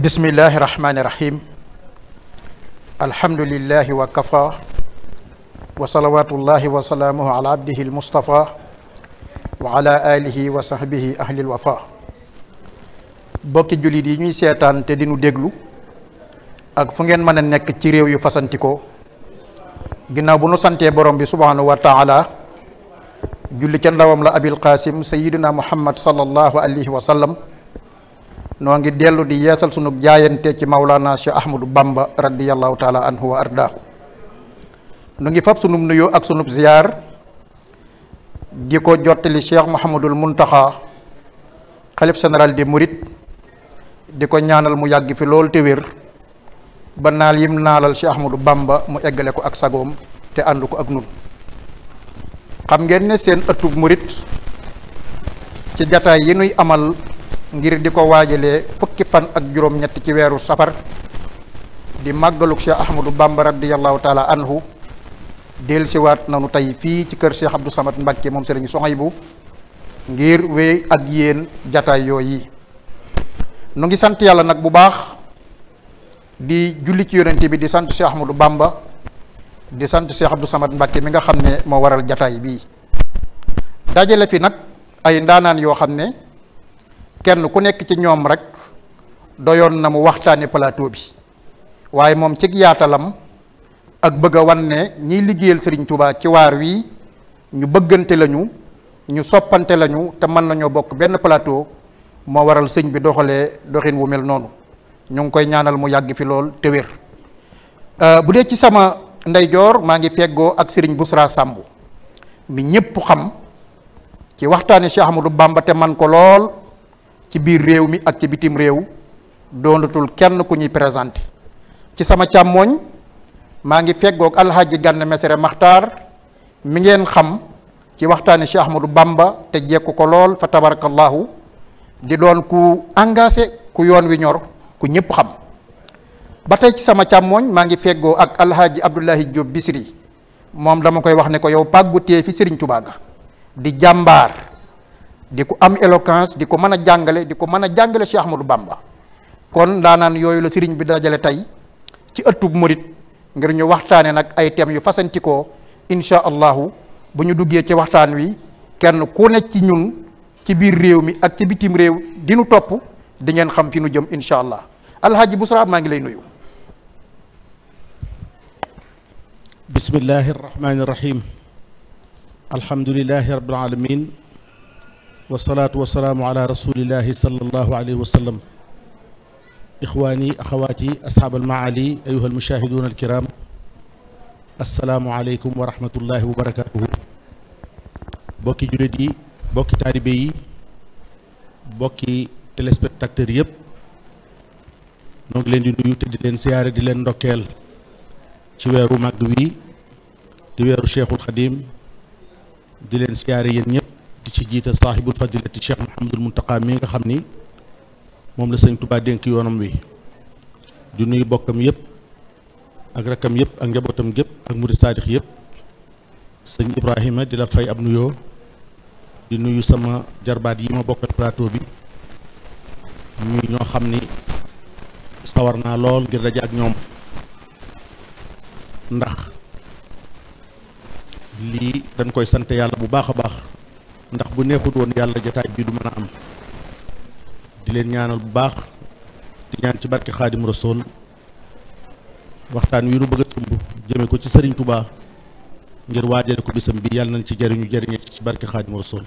bismillahi rahmaani rahim alhamdulillahi wa kafa wa salawatullahi wa salaamuhu ala abdihi wa ala alihi wa sahbihi ahlil wafa bokki jullit yi ñuy seetaan te dinu déglu ak fu ngeen mën a nekk ci réew yu fasantikoo ginnaaw bu nu santee borom bi subhanahu wa taala julli ca ndawam la abil qasim sayiduna muhammad sallallahu alayhi wa sallam noo ngi dellu di yeesal sunu jaayante ci Maulana Cheikh Ahmadou Bamba radiyallahu taala anhu wa nu ngi fab sunub nuyoo ak sunu ziyaar di ko jottali Cheikh Mouhamadul Muntaxa xalif général di murit di ko ñaanal mu yàgg fi lool te wér ba naal yim naalal Cheikh Ahmadou Bamba mu eggale ko ak sagoom te ànd ko ak nun xam ngeen ne seen ëttub murit ci jataay yi nuy amal ngir di ko waajalee fukki fan ak juróom-ñett ci weeru safar di màggaluk Cheikh Ahmadou Bamba radiyallahu taala anhu dellusiwaat nanu tey fii ci kër Cheikh Abdou Samad Mbacke moom Serigne bu ngir wéy ak yéen jataay yooyu nu ngi sant yàlla nag bu baax di julli ci yonente bi di sant Cheikh Ahmadou bàmba di sant Cheikh Abdou Samad Mbacke mi nga xam ne moo waral jataay bii dajale fi nag ay ndaanaan yoo xam ne kenn ku nekk ci ñoom rek doyoon na mu waxtaane plateau bi waaye moom ci yaatalam ak bëgga a wan ne ñiy liggéeyal sëriñ Touba ci waar wi ñu bëggante lañu ñu soppante lañu te mën nañoo bokk benn plateau moo waral sëñ bi doxalee doxin wu mel noonu ñu ngi koy ñaanal mu yàgg fi lool te wér euh, bu dee ci sama ndeyjoor maa ngi feggoo ak Serigne Bousra sàmbu mi ñëpp xam ci waxtaane Cheikh Ahmadou Bamba te man ko lool. ci biir réew mi ak ci bitim réew doonatul kenn ku ñuy présenté ci sama càmmooñ maa ngi feggoog alxaaji Gana Messere Maxtaar mi ngeen xam ci waxtaani Cheikh Ahmadou bàmba te jekk ko lool fa tabarakallahu di doon ku engage ku yoon wi ñor ku ñëpp xam ba tey ci sama càmmooñ maa ngi feggoo ak alxaaji Abdoulahi Diop Bisri moom dama koy wax ne ko yow pàggutee fi Sëriñ Tuubaa ga di jàmbaar di ko am éloquence di ko mën a jàngale di ko mën a jàngale Cheikh Ahmadou Bamba kon daanaan yooyu la sëriñ bi dajale tey ci ëttub murit ngir ñu waxtaane nag ay thèmes yu fasantikoo incha allahu bu ñu duggee ci waxtaan wi kenn ku nekk ci ñun ci biir réew mi ak ci bitim réew di topp di ngeen xam fi nu jëm incha allah alhaji Busra maa ngi lay nuyu bismillahi arrahmani irrahim alhamdulilahi rabbil alamin wasalaatu wasalaamu ala rasulillahi sallallahu alayhi wa sallam ixwaani axawaati asxaab almaali ayuha almushaahiduuna alkiram asalaamu aleykum wa rahmatullahi wa barakatuhu bokki jullit yi bokki taalibe yi bokki téléspectateurs yëpp noo ngi leen di nuyu te di leen siyaare di leen ndokkeel ci weeru màgg wi di weeru cheikhul xadim di leen siyaare yéen ñëpp di ci jiital saaxibul fadilati cheikh Mouhamadul Muntaqa mi nga xam ni moom la sëñ Touba dénk yoonam wi di nuyu bokkam yëpp ak rakkam yëpp ak njabootam gépp ak murid saadix yëpp sëñ Ibrahima di la fay ab nuyoo di nuyu sama jarbaat yi ma bokkal plateau bi ñuy ñoo xam ni sawar naa lool ngir daje ak ñoom ndax lii dañ koy sant yàlla bu baax a baax ndax bu neexut woon yàlla jataay bii du mën a am di leen ñaanal bu baax di ñaan ci barke xaadim rasool waxtaan wi nu bëgg a sumb jëme ko ci sëriñ tubaa ngir waajale ko bisam bi yàlla nañ ci jariñu jëriñe ci barke xaadim rasool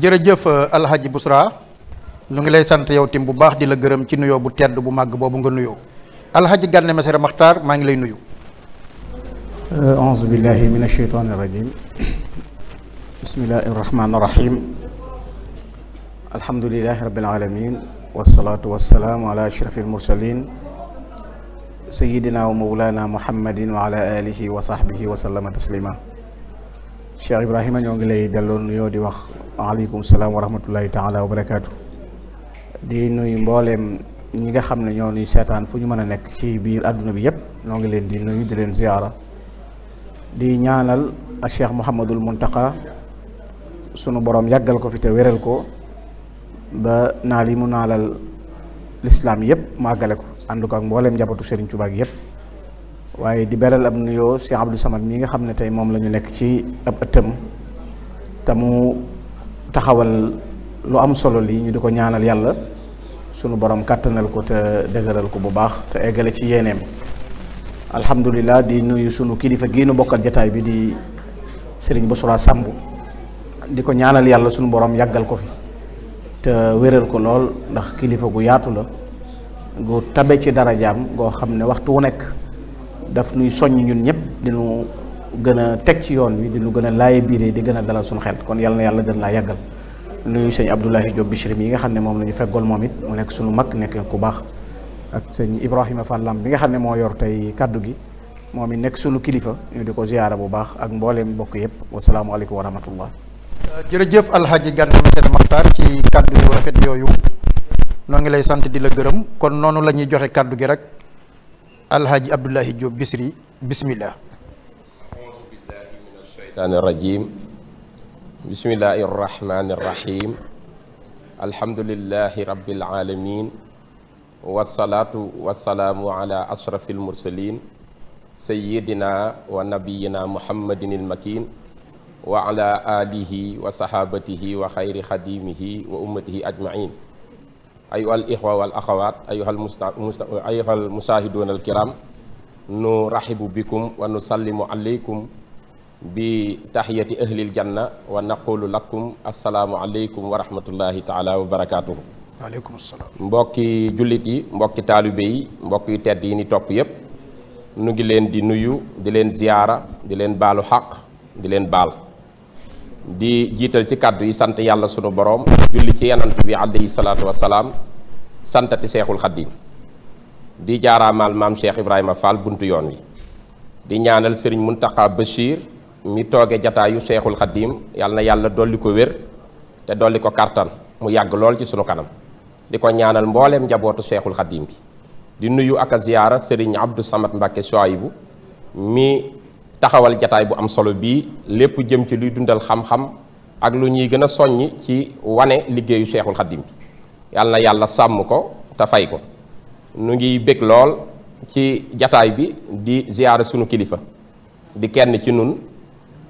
jërëjëf alhaji Busra nu ngi lay sant yow tim bu baax di la gërëm ci nuyoo bu tedd bu màgg boobu nga nuyoo alhaji Gànne Mesere Maxtaar maa ngi lay nuyu أعوذ بالله من الشيطان الرجيم bismillahi irrahmani irrahim alhamdulilahi rabbil alamin wasalaatu wasalaamu ala ashrafi almursalin sayidina wa mawlana muhammadin wa ala alihi wa sahbihi wa sallama taslima cheikh ibrahima ñoo ngi lay delloo nuyoo di wax waaleykum salaam wa rahmatullahi taala wa barakaatu di nuyu mbooleem ñi nga xam ne ñoo nuy seetaan fu ñu mën a nekk ci biir àdduna bi yépp ñoo ngi leen di nuyu di leen ziyaara di ñaanal cheikh mouhamadul muntaqa sunu borom yàggal ko fi te wéral ko ba naa lii mu naalal lislaam yëpp mu àggale ko ànd ko ak mbooleem njabootu Serigne Touba gi yëpp waaye di beral ab nuyoo Cheikh Abdou Samad nga xam ne tey moom la ñu nekk ci ab ëttam te mu taxawal lu am solo lii ñu di ko ñaanal yàlla sunu borom kàttanal ko te dëgëral ko bu baax te eggale ci yéeneem alhamdulilah di nuyu sunu kilifa gii nu bokkal jataay bi di sëriñ ba Bassirou Samb di ko ñaanal yàlla suñu borom yàggal ko fi te wéral ko lool ndax kilifa gu yaatu la gu tabe ci dara darajaam goo xam ne waxtu wu nekk daf nuy soññ ñun ñëpp di nu gën a teg ci yoon bi di nu gën a laaye biire di gën a dalal suñu xel kon yàlla na yàlla gën laa yàggal nuyu sëñ Abdoulahi Diop Bichri yi nga xam ne moom la ñu feggool moom it mu nekk suñu mag nekk ku baax ak sëñ Ibrahima Fallam bi nga xam ne moo yor tey kàddu gi moom it nekk suñu kilifa ñu di ko ziyaara bu baax ak mbooleem mbokk yëpp wasalaamualeykum wa Euh, jërëjëf alxaaji Gana Messere Maxtaar ci kàddu yu rafet yooyu noo ngi lay sant di la gërëm kon noonu la ñuy joxe kàddu gi rek alxaaji Abdoulahi Diop Bichri bismillah auzu billahi mina shaytaani rajim bismillahi rahmani rahim alhamdulillahi rabbil alamin wasalaatu wasalaamu ala ashrafil mursalin sayyidina wa nabiyina muhammadin il makin wa ala alihi wa sahabatihi wa xayri xadimihi wa ummatihi ajmain ayuha al ixwa wal ayuha al ayuha al musaahiduuna nu raxibu bikum wa nusallimu aleykum bi taxiyati ahlil janna wa naqulu lakum assalaamu aleykum wa rahmatullahi taala wa barakaatuhu waaleykum salaam mbokki jullit yi mbokki taalibe yi mbokki tedd yi ni topp yépp nu ngi leen di nuyu di leen ziyaara di leen baalu xaq di leen baal di jiital ci kàddu yi sant yàlla sunu boroom julli ci yanant bi alayhi salaatu wasalaam santati seexul xaddim di jaaraamaal maam Cheikh Ibrahima Fall buntu yoon wi di ñaanal sëriñ Muntaqa Bachir mi tooge jataayu seexul xaddim yàlla na yàlla dolli ko wér te dolli ko kartan mu yàgg lool ci sunu kanam di ko ñaanal mbooleem njabootu seexul xaddim bi di nuyu ak a ziyaara sëriñ Abdou Samad Mbacke Souaibou mi taxawal jataay bu am solo bii lépp jëm ci luy dundal xam-xam ak lu ñuy gën a soññ ci wane liggéeyu Cheikhul Khadim bi yàlla yàlla sàmm ko te fay ko nu ngi bég lool ci jataay bi di ziyaara sunu kilifa di kenn ci nun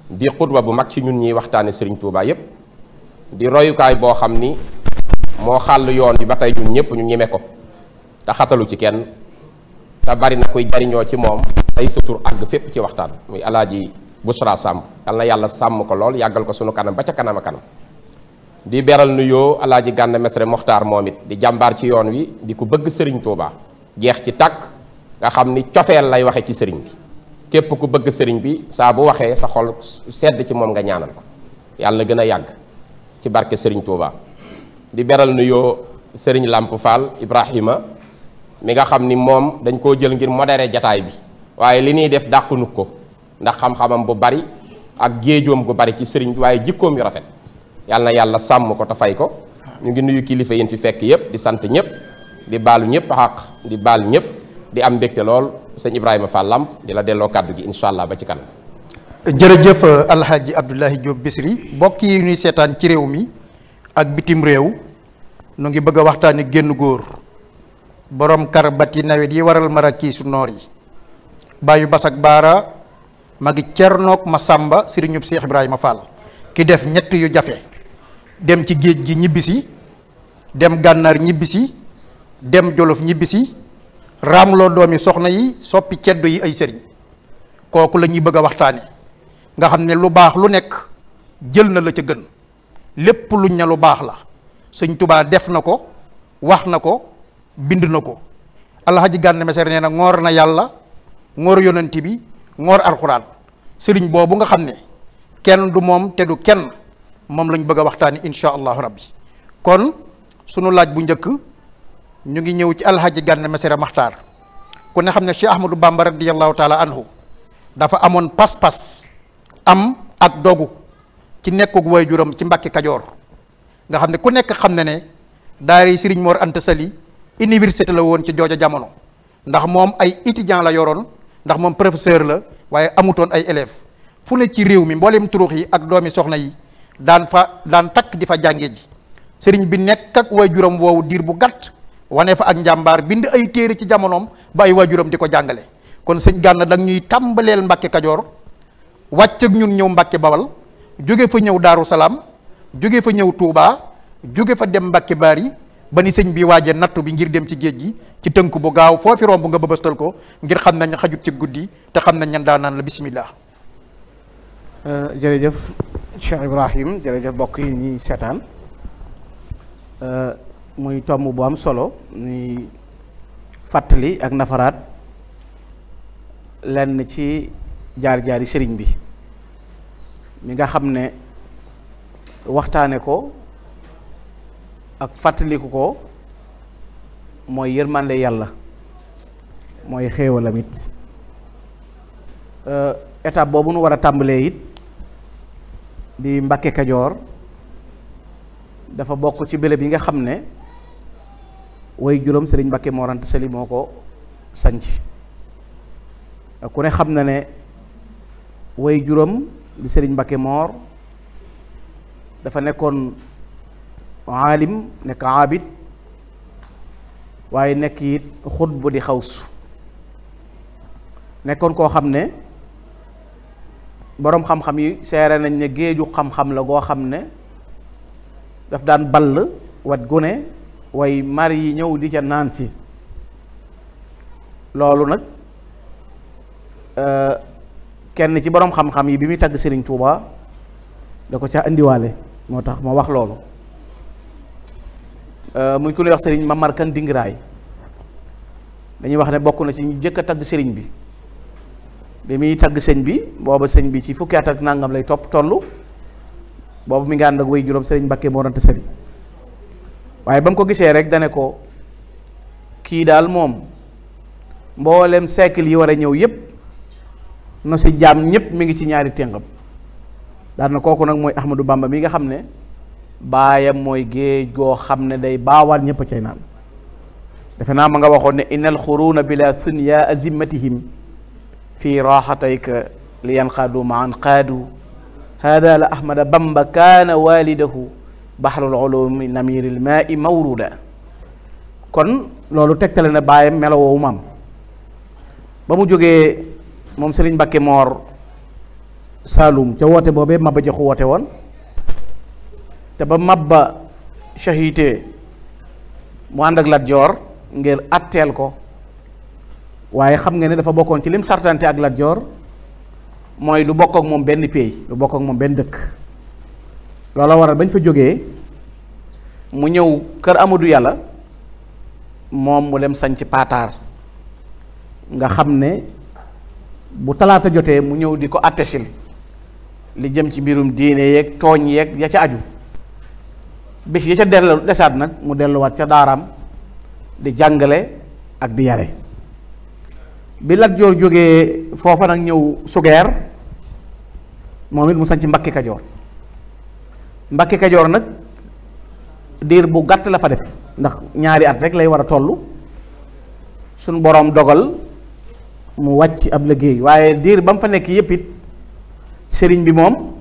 di xutba bu mag ci ñun ñuy waxtaane Serigne Touba yépp di royukaay boo xam ni moo xàll yoon bi ba tey ñun ñëpp ñu ñeme ko te xatalu ci kenn te bari na kuy jariñoo ci moom ay sutur àgg fépp ci waxtaan muy alaaji Busra Samb yal na yàlla sàmm ko lool yàggal ko sunu kanam ba ca kanam a kanam di beral nuyoo alaaji gànna Messere Mokhtar moom it di jàmbaar ci yoon wi di ko bëgg sëriñ Touba jeex ci tàkk nga xam ni cofeel lay waxe ci sëriñ bi képp ku bëgg sëriñ bi saa bu waxee sa xol sedd ci moom nga ñaanal ko yàlla gën a yàgg ci barke sëriñ Touba di beral nuyoo sëriñ Lamp Fall Ibrahima mi nga xam ni moom dañ koo jël ngir modéré jataay bi waaye li ñuy def dàqunu ko ndax xam-xamam bu bari ak géejoom gu bari ci sëriñ waaye jikkoom yu rafet yàlla yàlla sàmm ko te fay ko ñu ngi nuyu kilifa yin fi fekk yëpp di sant ñëpp di baalu ñëpp xaq di baal ñëpp di am mbégte lool sëñ Ibrahima Fall Lamp di la delloo kàddu gi incha allah ba ci kanam. jërëjëf Alhaji Abdoulaye Diop Bichri mbokk yi ñuy seetaan ci réew mi ak bitim réew nu ngi bëgg a waxtaanee génn góor borom karbat yi nawet yi waral marakiisu noor yi. bàyyu basag baara magi cer cernoog ma sàmba sëriñub Cheikh Ibrahima Fall ki def ñett yu jafe dem ci géej gi ñibbisi dem gànnaar ñibbisi dem jolof ñibbisi raamloo doomi soxna yi soppi ceddo yi ay sëriñ kooku la ñuy bëgg a waxtaane nga xam ne lu baax lu nekk jël na la ca gën lépp luñ na lu baax la sëñ tubaa def na ko wax na ko bind na ko alxaji gànn meseer nee na ngoor na yàlla ngor yonent bi ngor alxuraan sëriñ boobu nga xam ne kenn du moom te du kenn moom lañ bëgg a waxtaani insha allahu rabbi kon sunu laaj bu njëkk ñu ngi ñëw ci alxaaji Gana Messere Maxtaar ku ne xam ne Cheikh Ahmadou Bamba radiyallahu taala anhu dafa amoon pas-pas am ak dogu ci nekkug juróom ci Mbàkke Kajoor nga xam ne ku nekk xam ne ne daari Sëriñ moor Anta Sali université la woon ci jooja jamono ndax moom ay étudiant la yoroon ndax moom professeur la waaye amutoon ay élèves fu ne ci réew mi mboolem turux yi ak doomi soxna yi daan fa daan takk di fa jànge ji sëriñ bi nekk ak waajuram woowu diir bu gàtt wane fa ak njàmbaar bind ay téere ci jamonoom ba ay waajuram di ko jàngale kon sëñ Gana da ñuy tàmbaleel Mbàkke Kajoor wàcc ak ñun ñëw Mbàkke babal jóge fa ñëw Daaru Salaam jóge fa ñëw Tuubaa jóge fa dem Mbàkke yi ba ni sëñ bi waajee nattu bi ngir dem ci géej gi ci tënk bu gaaw foofi romb nga bëbëstal ko ngir xam nañ xajut ci guddi te xam nañ ñan daanaan la bismillah euh, jërëjëf Cheikh Ibrahim jërëjëf mbokk yi ñuy seetaan euh, muy tomb bu am solo ñuy fàttali ak nafaraat lenn ci jaar-jaari sëriñ bi mi nga xam ne waxtaane ko ak fàttaliku ko mooy yërmande yàlla mooy xéewalam it euh, étape boobu nu war a tàmbalee it di Mbàkke Kajoor dafa bokk ci béréb yi nga xam ne woy juróom Sëriñ Mbàkke Mor Anta moo ko sanc ku ne xam na ne way juróom di Sëriñ Mbàkke Moor dafa nekkoon aalim nekk aabid waaye nekk it bu di xawsu nekkoon koo xam ne boroom xam-xam yi seere nañ ne géeju xam-xam la goo xam ne daf daan ball wat gune way mar yi ñëw di ca naan si loolu nag euh, kenn ci boroom xam-xam yi bi muy tagg Sëriñ Tuuba da ko ca indiwaale moo tax ma wax loolu Euh, muy ku wax sëriñ ma Kan Dingiraay dañuy wax ne bokk na ci ñu jëkk a tagg sëriñ bi bi muy tagg sëñ bi booba sëñ bi ci fukki at ak nangam lay topp toll boobu mi ngi ànd ak way juróom sëriñ Mbàkke moo ranta sëriñ waaye ba mu ko gisee rek dane ko kii daal moom mboolem siècle yi war a ñëw yépp no si jaam ñépp mu ngi ci ñaari téngam daal kooku nag mooy Ahmadou bàmba mi nga xam ne baayam mooy géej goo xam ne day baawal ñëpp cay naan defe naa ma nga waxoon ne innal xuruuna bila thunya azimmatihim fi raxatayka li yanqaadu ma an qaadu hada la bamba kaana walidahu bahrul ulumi namiril maai mawruda kon loolu tegtale na baayam melowoowu maam ba mu jógee moom Sëriñ Mbàkke Moor Saalum ca woote boobee Maba Jaxu woote woon te ba mabba shahite mu ànd ak Lat Joor ngir atteel ko waaye xam nga ne dafa bokkoon ci lim sartante ak Lat Joor mooy lu bokk ak moom benn pays lu bokk ak moom benn dëkk loola waral bañ fa jógee mu ñëw kër Amadou Yàlla moom mu dem sañ ci paataar nga xam ne bu talaata jotee mu ñëw di ko attesil li jëm ci biirum diine yeeg tooñ yeeg ya ca aju bés yi ca dellu desaat nag mu delluwaat ca daaraam di jàngale ak di yare bi Lat Joor jógee foofa nag ñëw sugeer moom it mu sañ ci Mbàkke Kajoor Mbàkke Kajoor nag diir bu gàtt la fa def ndax ñaari at rek lay war a toll suñ boroom dogal mu wàcc ab liggéey waaye diir ba mu fa nekk yépp it sëriñ bi moom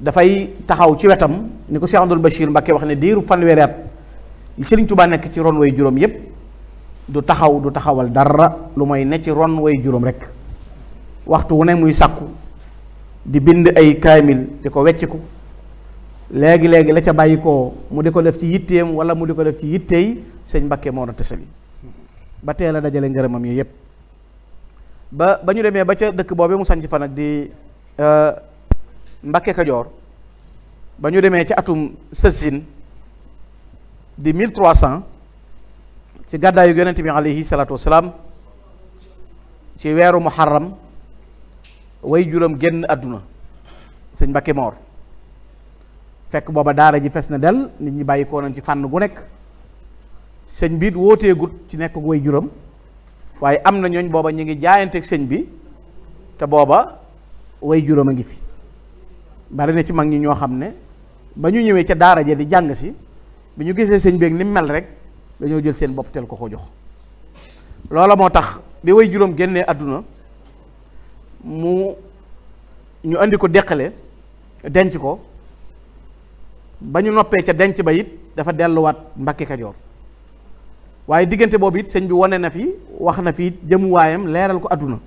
dafay taxaw ci wetam ni ko Cheikh ba Bachir Mbacké wax ne diiru fanweeri at yi Serigne nekk ci ron way juróom yépp du taxaw du taxawal dara lu may ne ci ron way juróom rek waxtu wu ne muy sàkku di bind ay kaamil di ko wecciku léegi léegi la ca bàyyikoo mu di ko def ci yitteem wala mu di ko def ci yitteey sëñ Mbacké moo na tësali ba teel a dajale ngërëmam yi yépp ba ba ñu demee ba ca dëkk boobee mu sanc fa nag di. Euh, Mbakke Kajoor ba ñu demee ci atum sësin di mille trois cent ci gàddaayu yonent bi alayhi salaatu wasalaam ci weeru muharram woy juróom génn àdduna sëñ Mbakke Moor fekk booba daara ji fes na del nit ñi bàyyi koo nañ ci fànn gu nekk sëñ bi biit wooteegut ci nekk way juróom waaye am na ñooñ booba ñu ngi jaayanteeg sëñ bi te booba way juróom a ngi fi bari na ci mag ñi ñoo xam ne ba ñu ñëwee ca daara ja di jàng si bu ñu gisee sëñ beeg ni mel rek dañoo jël seen bopp ko ko jox loola moo tax bi way juróom génnee àdduna mu ñu indi ko deqale denc ko ba ñu noppee ca denc ba it dafa delluwaat Mbàkke Kajoor waaye diggante boobu it sëñ bi wane na fi wax na fi jëmuwaayam leeral ko àdduna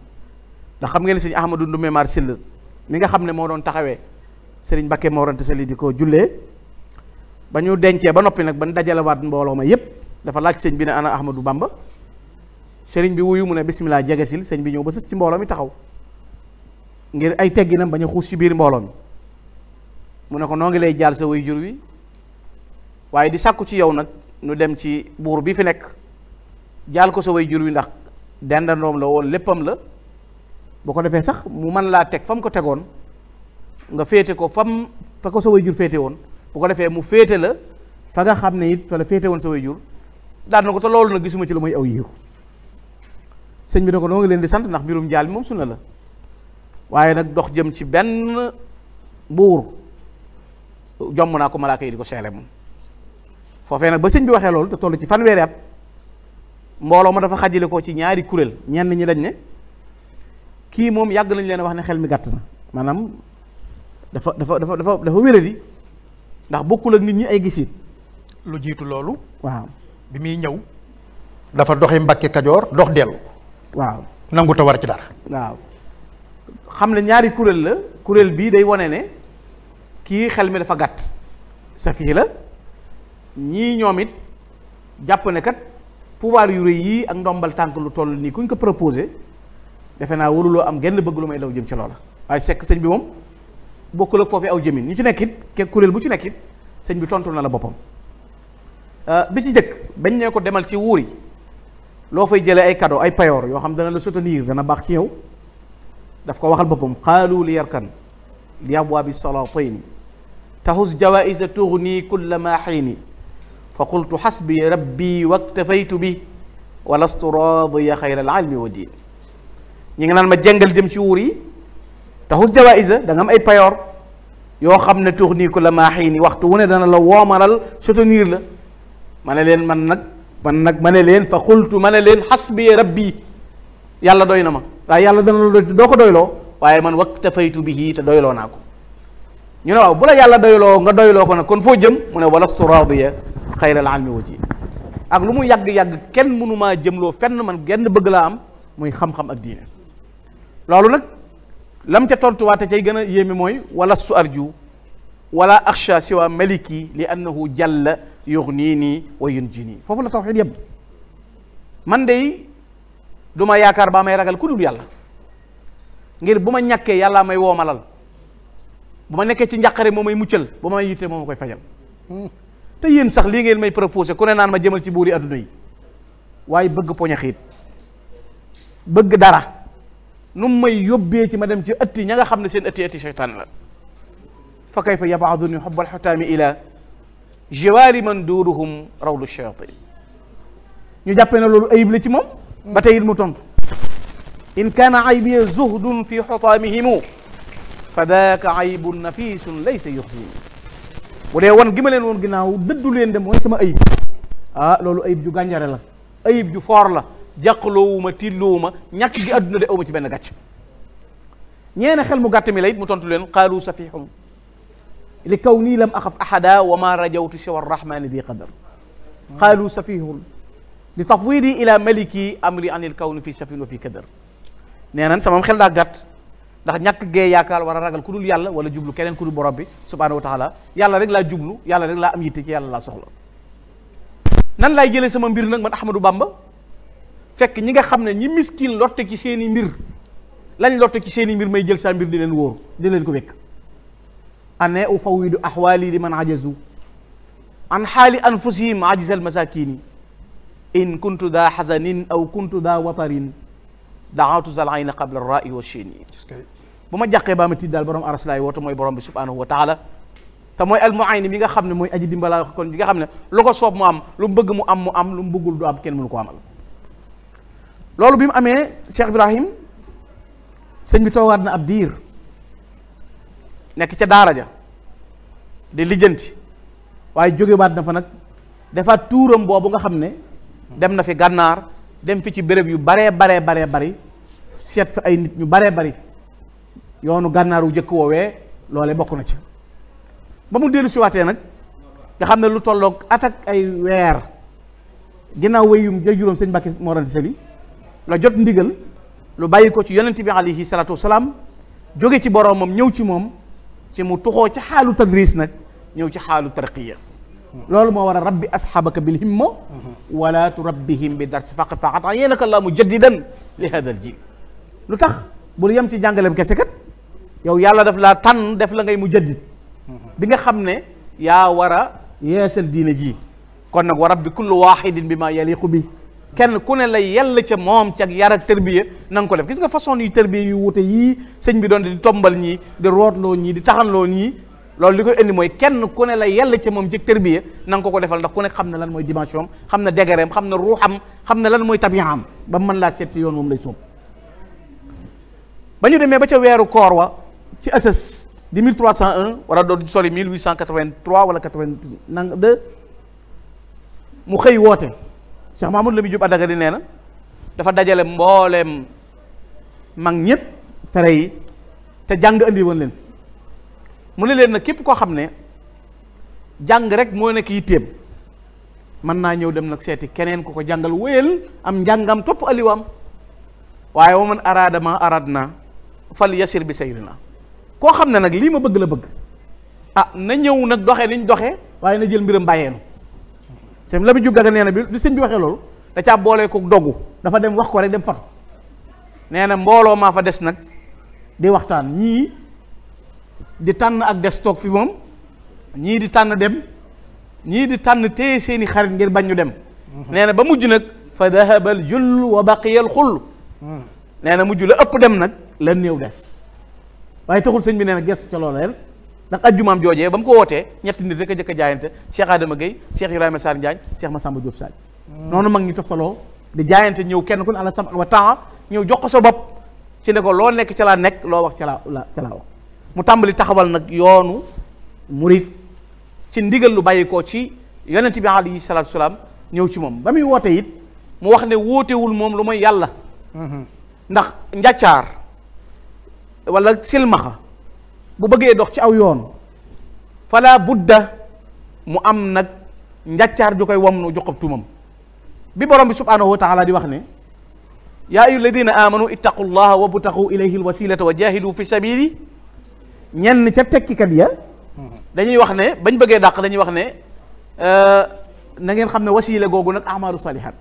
ndax xam nga ne sëñ Ahmadou Ndoumé Mar Syll mi nga xam ne moo doon taxawee sëriñ Mbakke Morante Sali di ko jullee ba ñu dencee ba noppi nag ba ñu dajalewaat mbooloo ma yépp dafa laaj sëñ bi ne ana Ahmadou Bamba sëriñ bi wuyu mu ne bisimilah jegesil sëñ bi ñëw ba sës ci mbooloo mi taxaw ngir ay tegginam bañ a xuus ci biir mbooloo mi mu ne ko noo ngi lay jaal sa way jur wi waaye di sàkku ci yow nag nu dem ci buur bi fi nekk jaal ko sa way jur wi ndax dendandoom la woon léppam la boo ko defee sax mu mën laa teg fa mu ko tegoon nga féete ko fam fa ko sa wayjur féete woon bu ko defee mu féete la fa nga xam ne it fa la féete woon sa wayjur daan ko te loolu nag gisuma ci lu mooy aw yiw sëñ bi ne ko noo ngi leen di sant ndax mbirum jaal mi moom sunna la waaye nag dox jëm ci benn buur jomm naa ko malaaka yi di ko seele moom foofee nag ba sëñ bi waxee loolu te toll ci fanweeri at mbooloo ma dafa xajale ko ci ñaari kuréel ñenn ñi dañ ne kii moom yàgg nañ leen wax ne xel mi gàtt maanaam dafa dafa dafa dafa dafa wéradi ndax bokkul ak nit ñi ay gisin lu jiitu loolu waaw bi muy ñëw dafa doxi Mbàkke Kajoor dox dellu waaw nangu ta ci dara waaw xam ne ñaari kuréel la kuréel bii day wane ne kii xel mi dafa gàtt sa fii la ñii ñoom it jàpp ne kat pouvoir yu rëy yii ak ndombal tànk lu toll nii kuñ ko proposé defe naa waruloo am genn bëgg lu may daw jëm ci loola waaye sekk sëñ bi moom bokkul ak foofu aw jëmin ñu ci nekk it ke kuréel bu ci nekk it sëñ bi tontu na la boppam euh, bi ci jëkk bañ ne ko demal ci wuur yi loo fay jëlee ay kado ay payoor yoo xam dana la soutenir dana baax ci yow daf ko waxal boppam xaalu li yarkan li abwaabi salaatayni taxus jawaisa tuxni kulla ma xiini fa qultu xasbi rabbi waktafaytu bi walastu raadiya xayra alalmi wa diin ñi ngi naan ma jàngal jëm ci wuur yi taxus jawaisa da nga am ay payoor yoo xam ne tuux nii ko la maaxii ni waxtu wu ne dana la woomaral soutenir la ma ne leen man nag man nag ma ne leen fa xultu ma ne leen xasbi rabbi yàlla doy na ma waaye yàlla dana la doo ko doyloo waaye man wa waktafaytu bihi te doyloo naa ko ñu ne waaw bu la yàlla doyloo nga doyloo ko nag kon foo jëm mu ne walastu raadiya xayral almi waji ak lu mu yàgg-yàgg kenn mënumaa jëmloo fenn man genn bëgg laa am muy xam-xam ak diine loolu nag lam ca tontuwaate cay gën a yéeme mooy wala su arju wala axsha siwa maliki li annahu jàlla yugnii nii wa yunji nii foofu la tawxid yem man day du ma yaakaar baa may ragal ku dul yàlla ngir bu ma ñàkkee yàlla may woomalal bu ma nekkee ci njàqare moo may muccal bu ma may yitte moo ma koy fajal te yéen sax lii ngeen may proposé ku ne naan ma jëmal ci buuri adduna yi waaye bëgg xiit bëgg dara nu may yóbbee ci ma dem ci ëtti ña nga xam ne seen ëtti ëtti seytaan la fa kayfa yabaaduni xubal xutaami ila jiwaari man duuruhum rawlu shayatin ñu jàppee ne loolu ayib la ci moom ba tey it mu tontu in kaana aybiya zuhdun fi xutaamihimu fa daaka aybun nafisun laysa yuxzini bu dee wan gi ma leen woon ginnaaw dëddu leen de mooy sama ayib ah loolu ayib ju gànjare la ayib ju foor la jàqaloowuma tiitloowuma ñàkk gi àdduna de awma ci benn gàcc ñeena xel mu gàtt mi lay it mu tontu leen qaalu safihum li kaw nii lam axaf ahada wa ma rajawtu siwa rahmani bi qadar qaalu safihun li tafwidi ila maliki amri an il kawni fi safin wa fi kadar nee nan samam xel daa gàtt ndax ñàkk gee yaakaar war a ragal ku yàlla wala jublu keneen ku dul borom bi subhanahu wa taala yàlla rek laa jublu yàlla rek laa am yitte ci yàlla laa soxla nan laay jëlee sama mbir nag man Ahmadou Bamba fekk ñi nga xam ne ñi miskin lotte ci seen mbir lañ lotte ci mbir may jël saa mbir di leen wóoru di ko wekk ane u fawidu ahwaali li man ajazu an xaali anfusihim ajisal masakini in kuntu daa xasanin aw kuntu daa watarin daawatu zal ayna qabla ra'i wa shini bu ma jàqee baa ma tiit daal borom araslaay woote mooy borom bi subhanahu wa taala te mooy al muayin mi nga xam ne mooy aji dimbala kon bi nga xam ne lu ko soob mu am lu mu bëgg mu am mu am lu mu bëggul du am kenn mënu ko amal loolu bi mu amee Cheikh Ibrahim sëñ bi toogaat na ab diir nekk ca daara ja di lijjanti waaye jógewaat na fa nag defaat tuuram boobu nga xam ne dem na fi gànnaar dem fi ci bërëb yu baree baree baree bari seet fa ay nit ñu baree bari yoonu gànnaar gànnaaru jëkk woowee loole bokk na ci ba mu dellu siwaatee nag nga xam ne lu tollook at ak ay weer ginnaaw wéyum ja juróom sëñ Mbàkke Mor Anta Sali la jot ndigal lu bàyyi ko ci yonent bi alayhi salaatu wasalaam jóge ci boroomam ñëw ci moom mu tuxoo ci xaalu tadris nag ñëw ci xaalu tarqiya loolu moo war a rabbi asxaabaka bil himma wala turabbihim bi darsi faqat faqat ayyanaka allah mujaddidan li hadal ji lu tax bul yem ci kese kat yow yàlla daf laa tànn def la ngay mujaddid bi nga xam ne yaa war a yeesal diine ji kon nag wa rabbi kullu waxidin bi ma yaliqu bi kenn ku ne la yàlla ca moom ca yar ak tërbiya na ko def gis nga façon yu tërbiya yu wute yii sëñ bi doon di tombal ñii di rootloo ñii di taxanloo ñii loolu li koy indi mooy kenn ku ne la yàlla ca moom ci tërbiya na nga ko ko defal ndax ku ne xam na lan mooy dimension xam na degereem xam na ruuxam xam na lan mooy tabiyaam ba mën laa seet ci yoon moom lay sóob ba ñu demee ba ca weeru koor wa ci asas di 1301 wala doon sori 1883 wala 82 mu xëy woote Cheikh Mahmoud Lamine Diop Adaka di nee na dafa dajale mbooleem mag ñépp fere yi te jàng andi woon leen mu ne leen nag képp koo xam ne jàng rek moo nekk yitteem mën naa ñëw dem nag seeti keneen ku ko jàngal wéyal am njàngam topp aliwaam waaye wa man araada ma araad na fal yasir bi sayri na koo xam ne nag lii ma bëgg la bëgg ah na ñëw nag doxe niñ doxe waaye na jël mbiram bàyyeenu te la mu jub daga nee na bi sëñ bi waxee loolu da caa boole ko doggu dafa dem wax ko rek dem fatu nee na mbooloo maa fa des nag di waxtaan ñii di tànn ak des toog fi moom ñii di tànn dem ñii di tànn te seeni xarit ngir bañ ñu dem mhm. nee na ba mujj nag fa dahabal jull wa baqiyal xull mhm. nee na mujj la ëpp dem nag la néew des waaye taxul sëñ bi nee na gëstu ca loola ndax ajjumaam joojee ba mu ko wootee ñetti nit rek a jëkk a jaayante Cheikh Adama Gueye Cheikh Ibrahima Sarr Ndiagne Cheikh Massamba Diop Sarr noonu mag ñi toftaloo di jaayante ñëw kenn ku ne àla sama wa temps ñëw jox ko sa bopp ci ne ko loo nekk ca laa nekk loo wax ca laa ca laa mu tàmbali taxawal nag yoonu murit ci ndigal lu bàyyi ko ci yonent bi alayhi salaatu salaam ñëw ci moom ba muy wootee it mu wax ne wóotewul moom lu mooy yàlla mm-hmm. ndax njàccaar wala silmaxa bu bëggee dox ci aw yoon fala budda mu am nag njàccaar ju koy wamnu joxob tumam bi borom bi subhaanahu wa taala di wax ne yaa ayu alladina amanu ittaqu llaha wabtaxu ilayhi alwasilata wa jahidu fi sabili ñenn ca tekkikat ya dañuy wax ne bañ bëggee dàq dañuy wax ne euh, na ngeen xam ne wasila googu nag amalu salihat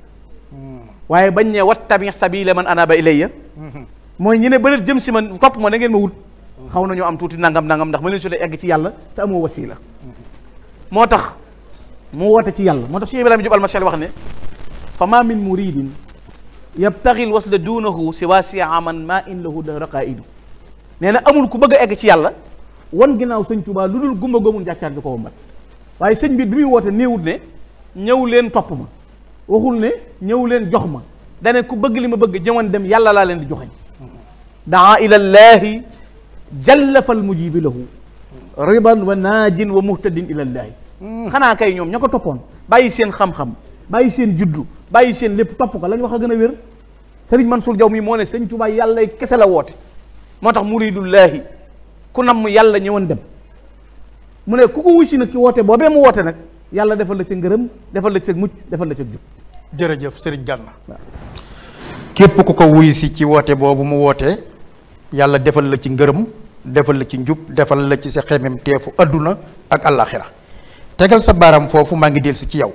waaye bañ ne wattabi sabila man anaba ilayya hmm. mooy ñi ne bërit jëm si man topp ma na ngeen ma wut xaw nañoo am tuuti nangam nangam ndax ma leen sutee egg ci yàlla te amoo wasiila moo tax mu woote ci yàlla moo tax Cheikh Ibrahima Jóob almashal wax ne fa ma min muridin yabtaxi l wasla duunahu si waa siaman ma in lahu dahra qaaidu nee na amul ku bëgg egg ci yàlla wan ginnaaw sëñ Tuubaa lu dul gumba goomul njàccaar bi ko wombat waaye sëñ bi bi muy woote néewut ne ñëw leen topp ma waxul ne ñëw leen jox ma dane ku bëgg li ma bëgg jëman dem yàlla laa leen di joxañ daa ilallaahi jallafal mujibi lahu riban wa naajin wa muhtadin ilallaahi xanaa kay ñoom ña ko toppoon bàyyi seen xam-xam bàyyi seen juddu bàyyi seen lépp topp ko lañu wax a gën a wér sëriñ Mansour Diaw mii moo ne sëriñ Tuubaa yàlla kese la woote moo tax muridullaahi ku nam yàlla ñëwoon dem mu ne ku ko wusi nag ci woote boobee mu woote nag yàlla defal la ca ngërëm defal la ca mucc defal la ca jub jërëjëf sëriñ Gana képp ku ko wuy si ci woote boobu mu woote yàlla defal la ci ngërëm defal la ci njub defal la ci sa xemem teefu adduna ak àllaaxira tegal sa baaraam foofu maa ngi dell si ci yow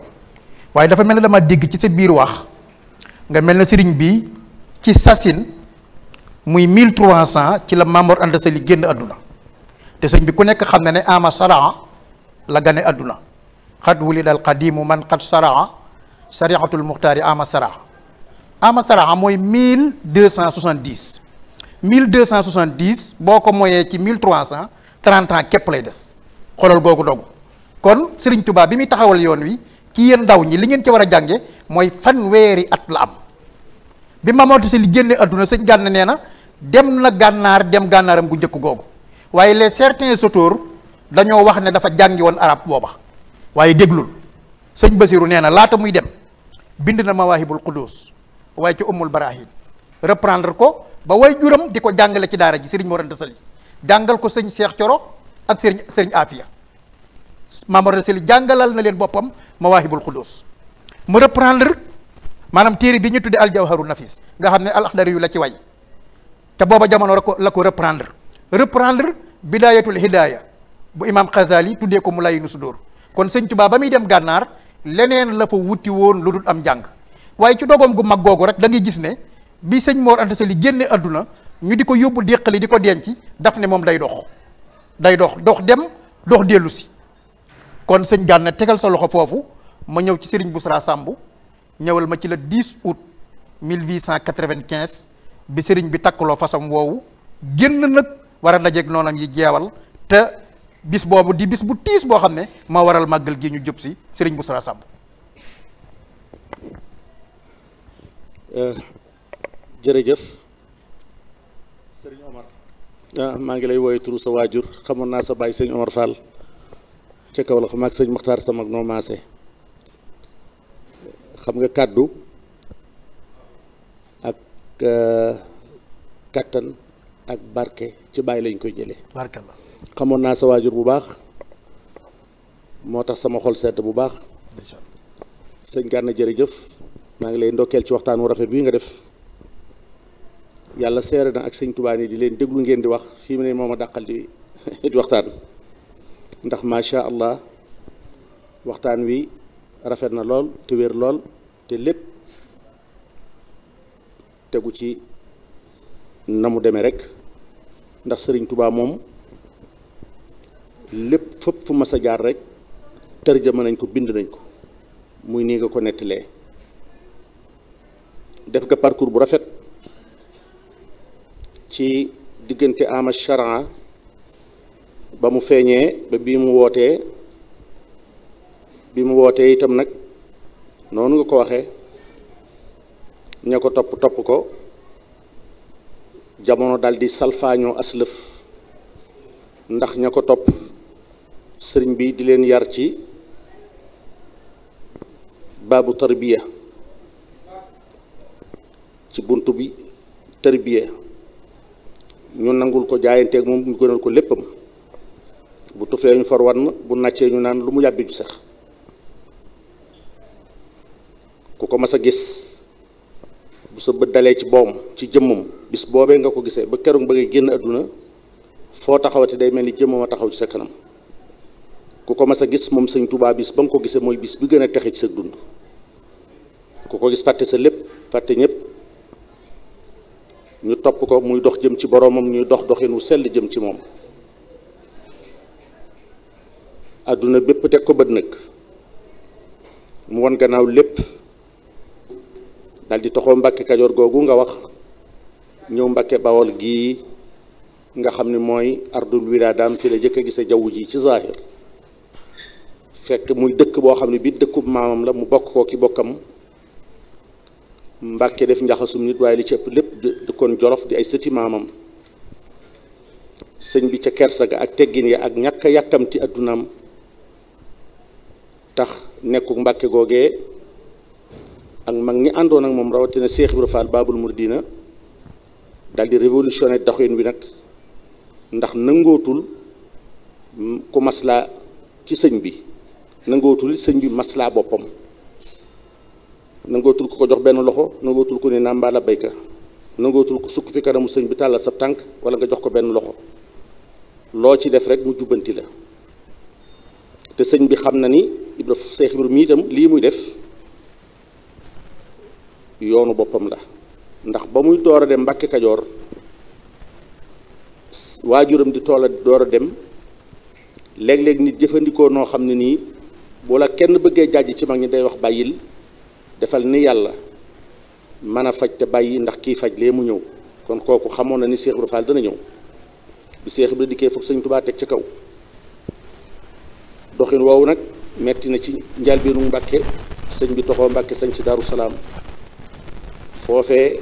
waaye dafa mel ne dama dégg ci sa biir wax nga mel ne sëriñ bi ci sasin muy mille trois cent ci la Mamoor Anta li génn adduna te sëñ bi ku nekk xam na ne ama saraa la gane adduna xat wulida al qadimu man xat saraa sariatul muxtaari ama saraa ama saraa mooy mille deux cent soixante-dix mille deux cent soixante dix boo ko moyee ci mille trois cent trente ans képp lay des xoolal googu dogu kon Serigne Touba bi muy taxawal yoon wi ci yéen ndaw ñi li ngeen ci war a jànge mooy fan weeri at la am bi Mamadou Sy li génne adduna sëñ Gana nee na dem na gànnaar dem gànnaaram gu njëkk googu waaye les certains auteurs dañoo wax ne dafa jàngi woon arab booba waaye déglul sëñ Basiru nee na laata muy dem bind na ma Mawaahibul Quddus waaye ci Ummul Barahin reprendre ko ba way juram di ko jàngale ci daara ji sëriñ Mor Anta Sali jàngal ko sëñ Cheikh Coro ak sëriñ sëriñ Afia Maam Mor Anta jàngalal na leen boppam ma Mawaahibul Xudus mu reprendre maanaam téere bi ñu tuddee al Aljawharu Nafis nga xam ne al Axdari yu la ci way te booba jamono la ko la ko reprendre reprendre Bidaayatul Hidaaya bu imaam Xazali tuddee ko mu lay nu sudóor kon sëñ Tuubaa ba muy dem gànnaar leneen la fa wuti woon lu dul am njàng waaye ci dogoom gu mag googu rek da ngay gis ne. bi sëñ Mor Anta li génne àdduna ñu di ko yóbbu déqali di ko denc daf ne moom day dox day dox dox dem dox dellu si kon sëñ Gana tegal sa loxo foofu ma ñëw ci Serigne Boussra Samb ñëwal ma ci la mille le 10 août 1895 bi Serigne bi takkaloo fasam woowu génn nag war a dajeeg noonam yi jeewal te bis boobu di bis bu tiis boo xam ne maa waral màggal gi ñu jub si Serigne Boussra Samb. Euh, jërëjëf sëriñ Omar ah maa ngi lay woowee turu sa waajur xamoon naa sa baay sëñ Omar Fall ca kaw la xam ak sëñ Maxtaar sama ak noo maase xam nga kàddu ak euh, kàttan ak barke ci baay lañ koy jëlee. barke la xamoon naa sa waajur bu baax moo tax sama xol sedd bu baax. sëñ Gana jërëjëf maa ngi lay ndokkeel ci waxtaan wu rafet bii nga def. yàlla seere na ak sëñ Tuubaa ni di leen déglu ngeen di wax fii mu ne moom a dàqal di waxtaan ndax macha allah waxtaan wi rafet na lool te wér lool te lépp tegu ci na mu demee rek ndax sëriñ tubaa moom lépp fépp fu mas a jaar rek tërjëma nañ ko bind nañ ko muy nii nga ko nettalee def nga parcours bu rafet ci diggante ama charan ba mu feeñee ba bi mu wootee bi mu wootee itam nag noonu nga ko waxe ña ko topp topp ko jamono daldi di salfaañoo aslëf ndax ña ko topp sëriñ bi di leen yar ci baabu tarbiya ci bunt bi tarbiya ñu nangul ko jaayanteeg moom ñu gënal ko léppam bu tuflee ñu far bu nàccee ñu naan lu mu yàbbi ju sax ku ko mas a gis bu sa bët dalee ci boom ci jëmmam bis boobee nga ko gisee ba keroog ba ngay génn àdduna foo taxawati day mel ni jëmmam a taxaw ci sa kanam ku ko mas a gis moom sañ Tuubaa bis ba nga ko gisee mooy bis bi gën a texe ci sa dund ku ko gis fàtte sa lépp fàtte ñëpp ñu topp ko muy dox jëm ci boroomam ñuy dox doxin wu sell jëm ci moom àdduna bépp teg ko bët nag mu won gannaaw lépp daldi toxoo mbàkke kajoor googu nga wax ñëw mbàkke bawol gi nga xam ne mooy ardul wilaadaam fi la jëkk a gise jaww ji ci zaahir fekk muy dëkk boo xam ne bi dëkkub maamam la mu bokk ko ki bokkam Mbàkke def njaxasum nit waaye li ci ëpp lépp kon jolof di ay sëti maamam sëñ bi ca kersa ga ak teggin ya ak ñàkk a yàkkamti àddunaam tax nekkuk Mbàkke googee ak mag ñi àndoon ak moom rawatina Seex Ibra Faal Baabul Muridiina daal di révolutionné doxin wi nag ndax nangootul ku maslaa ci sëñ bi nangootul sëñ bi maslaa boppam nangootul ko ko jox benn loxo nangootul ko ne naa mbaala béyka ko sukk fi kanamu sëñ bi tàllal sa tànk wala nga jox ko benn loxo loo ci def rek mu jubbanti la te sëñ bi xam na ni Ibra Seex Ibra mi itam lii muy def yoonu boppam la ndax ba muy door a dem Mbàkke Kajoor waajuram di tool a door a dem léeg-léeg nit jëfandikoo noo xam ne nii bu kenn bëggee jàjj ci mag ñi day wax bàyyil defal ni yàlla mën a faj te bàyyi ndax kii faj lee mu ñëw kon kooku xamoon na ni Seex Ibra Faal dana ñëw bi Seex Ibra dikkee foofu Sëñ Tuubaa metti na ci njëlbéenu Mbàkke sëñ bi sañ ci Daaru Salaam foofee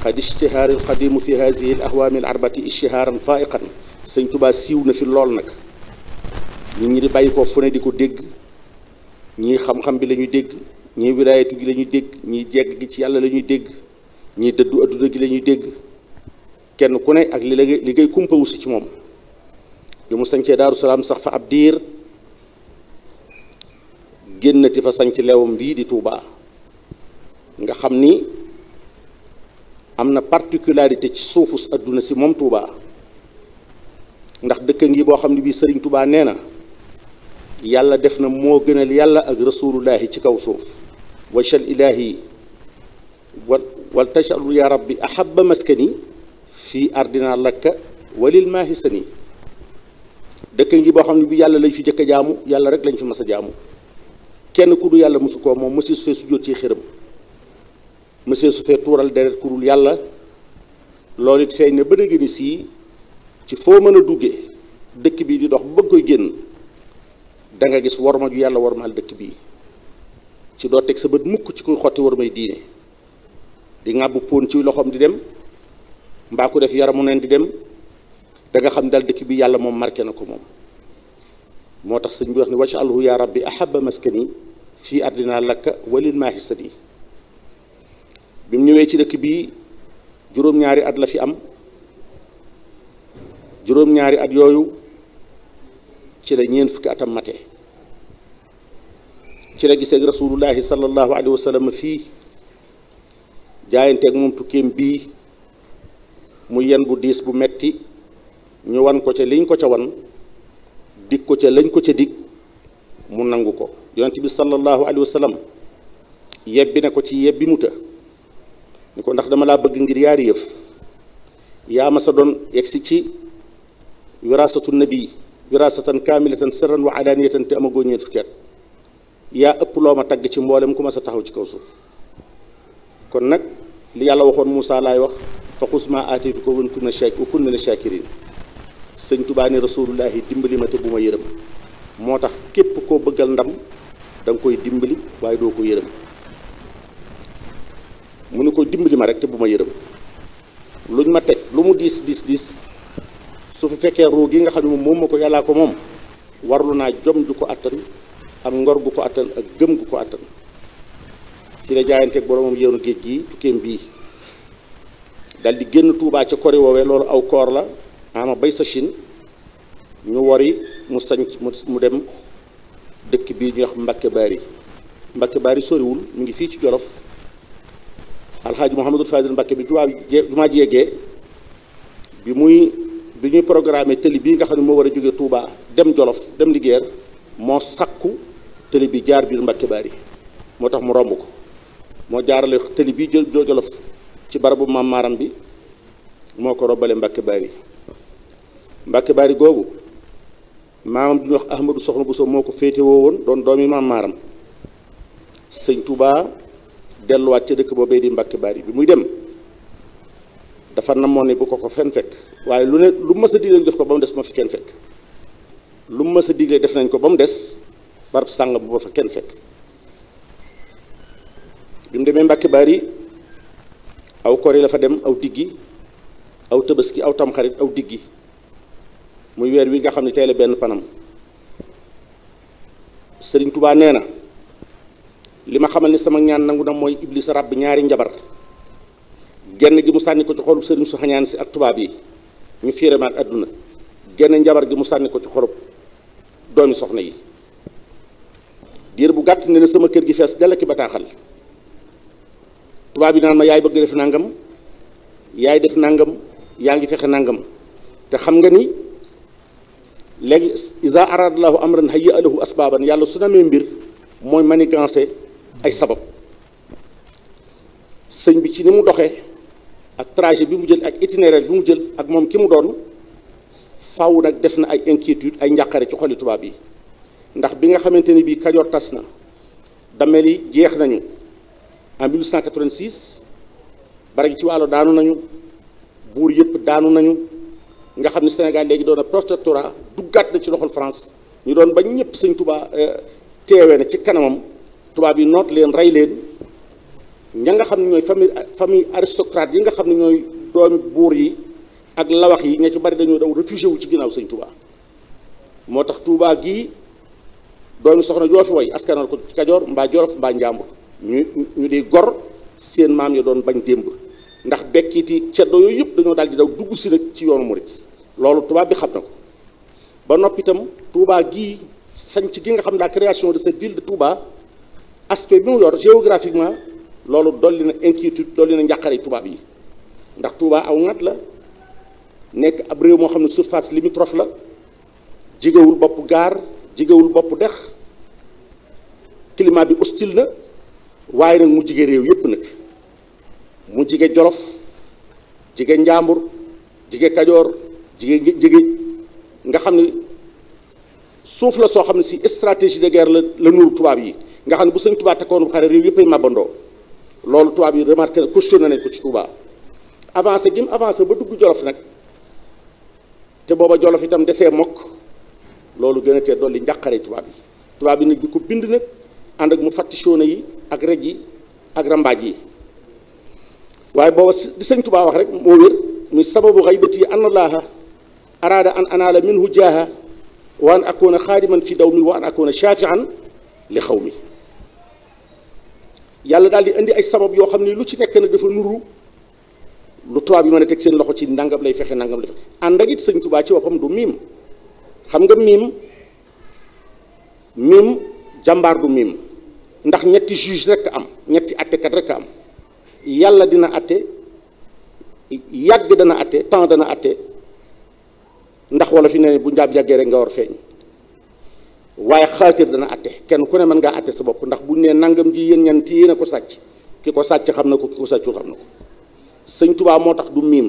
xad ishtihaari na fi lool nag di ko dégg ñii xam-xam bi la dégg ñii wilaayatu gi lañuy dégg ñii jegg gi ci yàlla la ñuy dégg ñii dëddu adduna gi la dégg kenn ku ne ak li la li ngay kumpawu si ci moom li mu sañcee daaru salaam sax fa ab diir génnati fa sañc leewam bii di Touba nga xam ni am na particularité ci suufus adduna si moom Touba ndax dëkk ngi boo xam ne bii Serigne Touba nee na yàlla def na moo gënal yàlla ak rasulullahi ci kaw suuf wachal ilaahi wa wal tajalu ya rabbi ahaba maskani fii ardina lakk walil maahisani dëkk gi boo xam ne bi yàlla lañ fi jëkk a jaamu yàlla rek lañ fi mas a jaamu kenn ku yàlla mosu koo moom monsieur su su jot ci xërëm monsieur su fee tuural deret ku yàlla loolu it feeñ ne ba dëgg ni sii ci foo mën a dugge dëkk bi di dox ba bëgg koy génn da gis war ma ju yàlla wormaal dëkk bii ci doo teg sa bët mukk ci kuy xotti may diine di ŋàbbu poon ci loxoom di dem mbaa ku def yaramu neen di dem danga xam dal dëkk bi yàlla moom marke na ko moom moo tax sëñ bi wax ni wacc alhu yaa rabbi ahaba maskani fii ardina lakka walin maahisat yi bi mu ñëwee ci dëkk bii juróom-ñaari at la fi am juróom-ñaari at yooyu ci la ñeent fukki atam mate ci la giseeg rasulullahi sallallahu alayhi wa sallam fii jaayanteeg moom tukkeem bii mu yen bu diis bu metti ñu wan ko ca liñ ko ca wan dig ko ca lañ ko ca dig mu nangu ko yonent bi sallallahu alayhi wa sallam yebbi na ko ci yebbi muta ni ko ndax dama laa bëgg ngir yaari yëf yaa ma sa doon yegsi ci wirasatu nabi wirasatan kaamilatan sirran wa alaniyatan te amagoo ñeent fukki at yaa ëpp loo ma tagg ci mboolem ku ma sa taxaw ci kaw suuf kon nag li yàlla waxoon Moussa laay wax fa xusma aatitu ko wan kunna shak wa kunna li shakirin sëñ Tuubaa ne rasulullahi dimbali ma te bu ma yërëm moo tax képp koo bëggal ndam da koy dimbali waaye doo ko yërëm mu ne ko dimbali ma rek te bu ma yërëm luñ ma teg lu mu diis diis diis su fi fekkee ruu gi nga xam ne moom ma ko yàllaa ko moom warlu naa jom du ko attan ak ngor gu ko attan ak gëm gu ko àttan ci la jaayanteeg boromam yoonu géej gi tukkeem bii dal di génn tuubaa ca kori woowee loolu aw koor la a bay sa Chine ñu wari mu sañ mu dem dëkk bii ñuy wax Mbacke Bari Mbacke Bari soriwul mu ngi fii ci Jolof alxaaji Mouhamadul Fadil Mbacke bi jumaa jumaa jeegee bi muy bi ñuy programme tëli bi nga xam ne moo war a jóge Touba dem Jolof dem Linguère moo sakku tëli bi jaar biir Mbàkke Baari moo tax mu romb ko moo jaarale tëli bi jël jolof ci barabu maam maaram bi moo ko robbale Mbàkke Baari Mbàkke Baari googu maamam du ñu wax Ahmadou Soxna moo ko féete woon doon doomi maam maaram sëñ delluwaat ca dëkk boobee di Mbàkke Baari bi muy dem dafa namoon ne bu ko ko fenn fekk waaye lu ne lu mësa a digle def ko ba mu des ma fi kenn fekk lu mësa a digle def nañ ko ba mu des barab sàngam bu ba fa kenn fekk bi mu demee Mbàkke Baari aw kori la fa dem aw diggi aw tëbaski aw tamxarit aw diggi muy weer wi nga xam ne tey la benn panam sëriñ tubaa nee na li ma xamal ni sama ñaan nangu na mooy iblis ràbb ñaari njabar genn gi mu sànni ko ci xolub sëriñ su xañaan si ak tubaab yi ñu fiire ma ak àdduna genn njabar gi mu sànni ko ci xolub doomi soxna yi yére bu gàtt ne na sama kër gi fees dell ki bataaxal tubaab bi naan ma yaay bëgg def nangam yaay def nangam yaa ngi fexe nangam te xam nga ni léegi iza aradallahu amran hayya lahu asbaaban yàlla su namee mbir mooy manigancé ay sabab sëñ bi ci ni mu doxee ak trajet bi mu jël ak itinéraire bi mu jël ak moom ki mu doon faaw nag def na ay inquiétude ay njàqare ci xoli tubaab yi ndax bi nga xamante ni bii Kajoor tas na damel yi jeex nañu en 1886 barag ci wàllu daanu nañu buur yëpp daanu nañu nga xam ne Sénégal léegi doon na protectorat duggaat na ci loxol France ñu doon ba ñëpp sëñ Tuubaa euh, teewee na ci kanamam tubaab yi noot leen rey leen ña nga xam ne ñooy famille famille aristocrate yi nga xam ne ñooy doomi buur yi ak lawax yi ña ci bari dañoo daw réfugié wu ci ginnaaw sëñ Tuubaa moo tax Tuubaa gii doomi soxna joo fi way askanal ko ci kajoor mbaa jolof mbaa njàmbur ñu ñu di gor seen maam ya doon bañ démb ndax yi ceddo yooyu yëpp dañoo daal di daw dugg si nag ci yoonu murit loolu tubaab bi xam na ko ba noppitam itam gi gii sanc gi nga xam ne la création de cette ville de Touba aspect bi mu yor géographiquement loolu dolli na inquiétude dolli na njàqare tubaab yi ndax Touba aw nat la nekk ab réew moo xam ne surface limitrophe la jigéewul bopp gaar jigéewul bopp dex climat bi hostile na waaye nag mu jige réew yépp nag mu jige jolof jige njaambur jige kajoor jige jige nga xam ne suuf la soo xam ne si stratégie de guerre la la nuuru tubaab yi nga xam ne bu sëñ Tuubaa takkoon bu xare réew yéppay màbbandoo loolu tubaab yi remarqué na questionné nañ ko ci Tuubaa avancé gi mu ba dugg jolof nag te booba jolof itam desee mokk loolu gën a tee dolli njàqare tubaab yi tubaab yi nag di ko bind nag ànd ak mu fàtti soona yi ak rej yi ak rambaaj yi waaye booba di sëñ Tuubaa wax rek moo wér muy sababu xaybati anna laaha araada an anaala minhu jaaha wa an akuna xaadiman fi daw mi wa an akuna li xaw mi yàlla daal di indi ay sabab yoo xam ne lu ci nekk nag dafa nuru lu tubaab yi ma a teg seen loxo ci ndàngam lay fexe ndàngam lay fexe ànd ak it sëñ Tuubaa ci boppam du miim xam nga miim miim jàmbaar du miim ndax ñetti juge rekk am ñetti àttekat rekk am yàlla dina àtte yàgg dana àtte temps dana àtte ndax wala fi ne bu njaab yàggee rek nga war feeñ waaye xaatir dana àtte kenn ku ne mën ngaa àtte sa bopp ndax bu ne nangam ji yéen ñan ti ko sàcc ki ko sàcc xam na ko ki ko sàccul xam na ko sëñ Tuubaa moo tax du miim